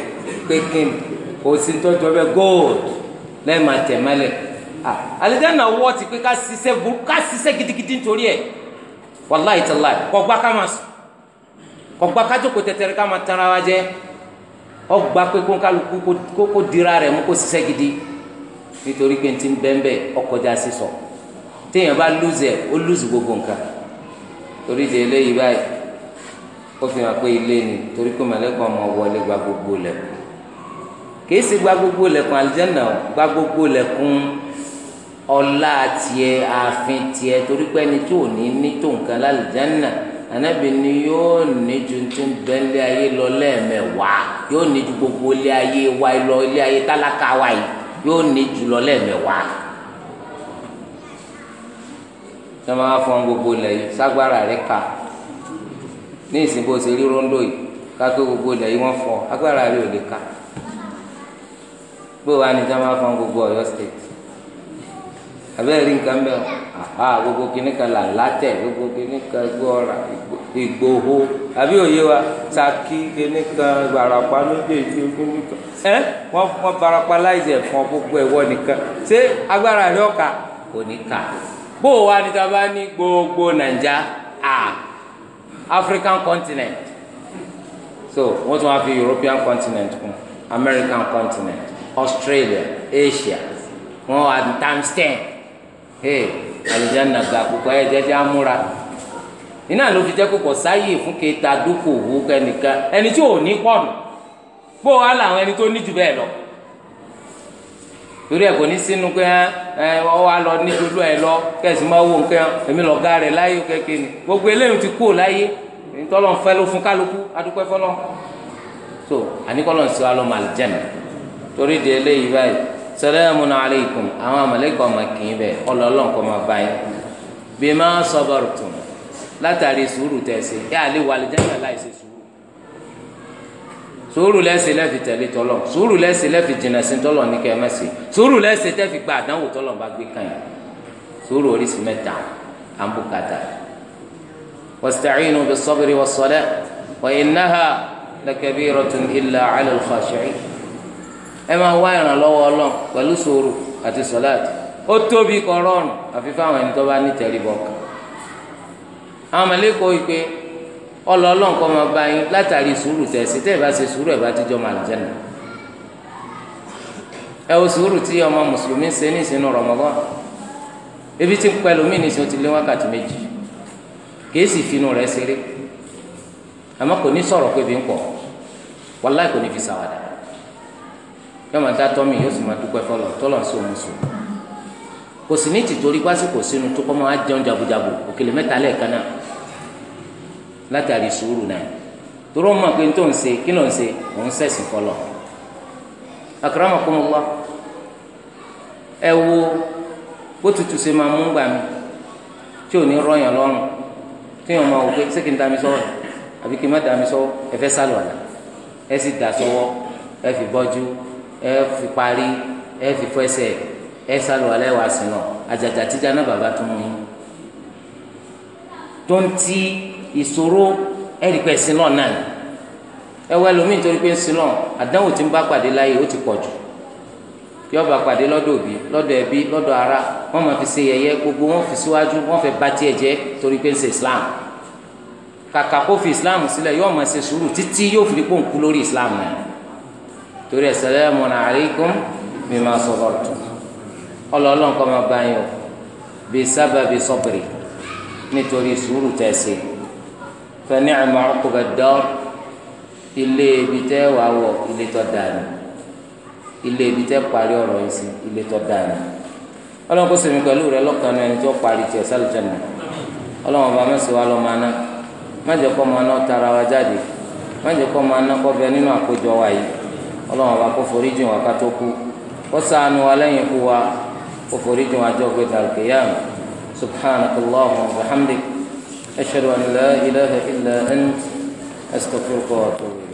A: pé kí ni. kò sí tọ́jọ́ bẹ́ẹ̀ gold lẹ́ẹ̀ máa ah alijanna wọ́ ti pé ká ká gidigidi nítorí ẹ̀ wàláyé tàlá kọgbà ká sùn kọgbà ká jókòó tẹ̀tẹ̀rẹ̀ ká wa ọgbà dira rẹ̀ mú kó gidi nítorí pé ti ń bẹ́ńbẹ́ sísọ téèyàn bá lùzẹ̀ ó lùzù gbogbo nǹkan torí de eléyìí báyìí ó fi hàn pé ilé ni torí pé ọmọ wọlé gba gbogbo kìí ṣe gba gbogbo lẹ̀kùn àlìjẹ́nà gba gbogbo lẹ̀kùn ọlá tiẹ̀ ààfin tiẹ̀ torí pé ẹni tó ní ní tó nǹkan lálìjẹ́nà ànábì ni yóò ní ju tó ń bẹ ilé ayé lọ lẹ́ẹ̀mẹ̀wàá yóò ní ju gbogbo ilé ayé wa lọ ilé ayé tálákà wa yìí yóò ní ju lọ lẹ́ẹ̀mẹ̀wàá. ṣé máa fọn gbogbo ilẹ̀ yìí ságbára rẹ̀ kà ní ìsìn bó ṣe rí rondo yìí ká pé gbogbo ilẹ̀ yìí wọ́n fọ agbára rẹ̀ ò lè kà pé wàá ní sábà fún gbogbo Ọ̀yọ́ state abẹ́rẹ́ nǹkan bẹ́ẹ̀ aha gbogbo kìíní kan là látẹ̀ gbogbo kìíní kan gbọ́ ọ̀rà Ìgbòho àbí òye wa Ṣakí kìíní kan Ìbàràpá méjèèjì kìíní kan ẹ wọ́n wọ́n Ìbàràpá láìsí ẹ̀fọn gbogbo ẹ̀wọ́ nìkan ṣé agbára rẹ̀ ọ̀ka kò ní kà bó o wá ní sábà ní gbogbo Nàìjà à African continent so wọ́n tún wá fi European continent kún American continent. Australia Asia wọn wà ní times hey alijanna àkókò ẹ jẹjẹ amúra iná ló fi kókò sáyè fún kẹta dókòwò kẹnìkan ẹni tí ò ní pọnù bó wà ẹni tó ní jù bẹ́ẹ̀ lọ torí ẹ kò ní sínú pé ẹ ẹ lọ kẹsì máa nǹkan rẹ láyé kẹkẹ ni gbogbo eléyìí ti láyé torí di eléyìí báyìí salamun alaykum àwọn àmàlẹ́kọ̀ ọmọ kìí bẹ̀ ọlọ́ọ̀lọ́n kọ́ máa bá yín bima sabartum látàrí sùúrù tẹ̀sí yá àlè wà lè jẹ́nà láìsí sùúrù sùúrù lẹ́sìn lẹ́fi tẹ̀lé tọ́lọ̀ sùúrù lẹ́sìn lẹ́fi jìnnà sí tọ́lọ̀ ní kẹ́mẹ́sì sùúrù lẹ́sìn tẹ́fi gba àdánwò tọ́lọ̀ bá gbé kàn yín sùúrù oríṣi mẹ́ta àǹbùkátà wasta'inu bis-sabri was-salah wa innaha lakabiratun illa 'ala al-khashi'in. ẹ máa wá ìrànlọ́wọ́ ọlọ́run pẹ̀lú sòrò àti sọ̀láàtì ó tóbi kọ àfi fáwọn ẹni tó bá ní tẹ̀ríbọ̀ kan àwọn mọ̀lẹ́kọ̀ọ́ yìí pé ọlọ́ọ̀lọ́ nǹkan máa bá yín látàrí sùúrù tẹ̀sí tẹ́ ẹ bá ṣe sùúrù bá ebi tí mí ní ti lé wákàtí méjì kìí sì finú ṣeré kò ní pé bí ń fi yóò máa dá tọ́mì yóò sì máa dúpẹ́ fọlọ́ tọ́lọ̀ sí òun sùn kò sì ní tìtorí pásíkò sínú tó kọ́ máa jẹun jagunjagun òkèlè mẹ́ta lẹ́ẹ̀kan náà látàrí sùúrù náà torọ́ mọ̀ pé tó ń ṣe kí ló ń ṣe òun sẹ̀sìn fọlọ́ akramakumullah ẹ wo bó tutù ṣe máa mú gbà mí tí ò ní rọyàn lọ́rùn tí yàn máa wò pé ṣé kí n dá mi sọ́wọ́ àbí kí n má dá mi sọ́wọ́ ẹ fẹ́ sálọ̀ àlà ẹ sì dà sọ́wọ́ ẹ fi bọ́jú ẹ fi parí ẹ fi fẹsẹ̀ ẹ sálọ alẹ wàá sí lọ àjàjà tíjà náà bàbá tó mú yín tó ń ti ìṣòro ẹ̀rí pẹ́ sí lọ náà ẹ wọ ẹlòmíì torí pé ń sí lọ àdánwò tí ń bá pàdé láyé ó ti pọ̀ jù yọ bá pàdé lọ́dọ̀ òbí lọ́dọ̀ ẹbí lọ́dọ̀ ara wọ́n máa fi ṣe yẹ̀yẹ́ gbogbo wọ́n fi síwájú wọ́n fẹ́ bà tiẹ̀ jẹ́ torí pé ń ṣe Islam kàkà kó fi Islam sílẹ̀ yọ máa ṣe sùúrù títí yóò fi kó ń kú lórí Islam náà torí assalamu alaykum bima sabartum ọlọ́ọ̀lọ́ nǹkan máa bá yín o bí sábàbí sabri nítorí sùúrù tẹ̀sí fa ni'ma uqba ad-dar ilé ibi tẹ́ wàá wọ ilé tó dànù ilé ibi tẹ́ parí ọ̀rọ̀ yìí sí ilé tó dànù ọlọ́run kó sèmi pẹ̀lú rẹ lọ́kànnú ẹni tó parí tiẹ̀ sálùjẹ́nà ọlọ́run ọba mẹ́sàn wa máa ná má jẹ́ kó máa ná tara wa jáde má jẹ́ kó máa ná kó bẹ nínú àkójọ wa yìí. ọlọ́run ọba kó forí jìn wá ká tó kú kó ṣàánú wa kato ku ikú wa kó forí jìn wá jọ́ gbẹdà al-qiyam subhanakallahumma wa bihamdik ashhadu an la ilaha illa ant astaghfiruka wa atubu.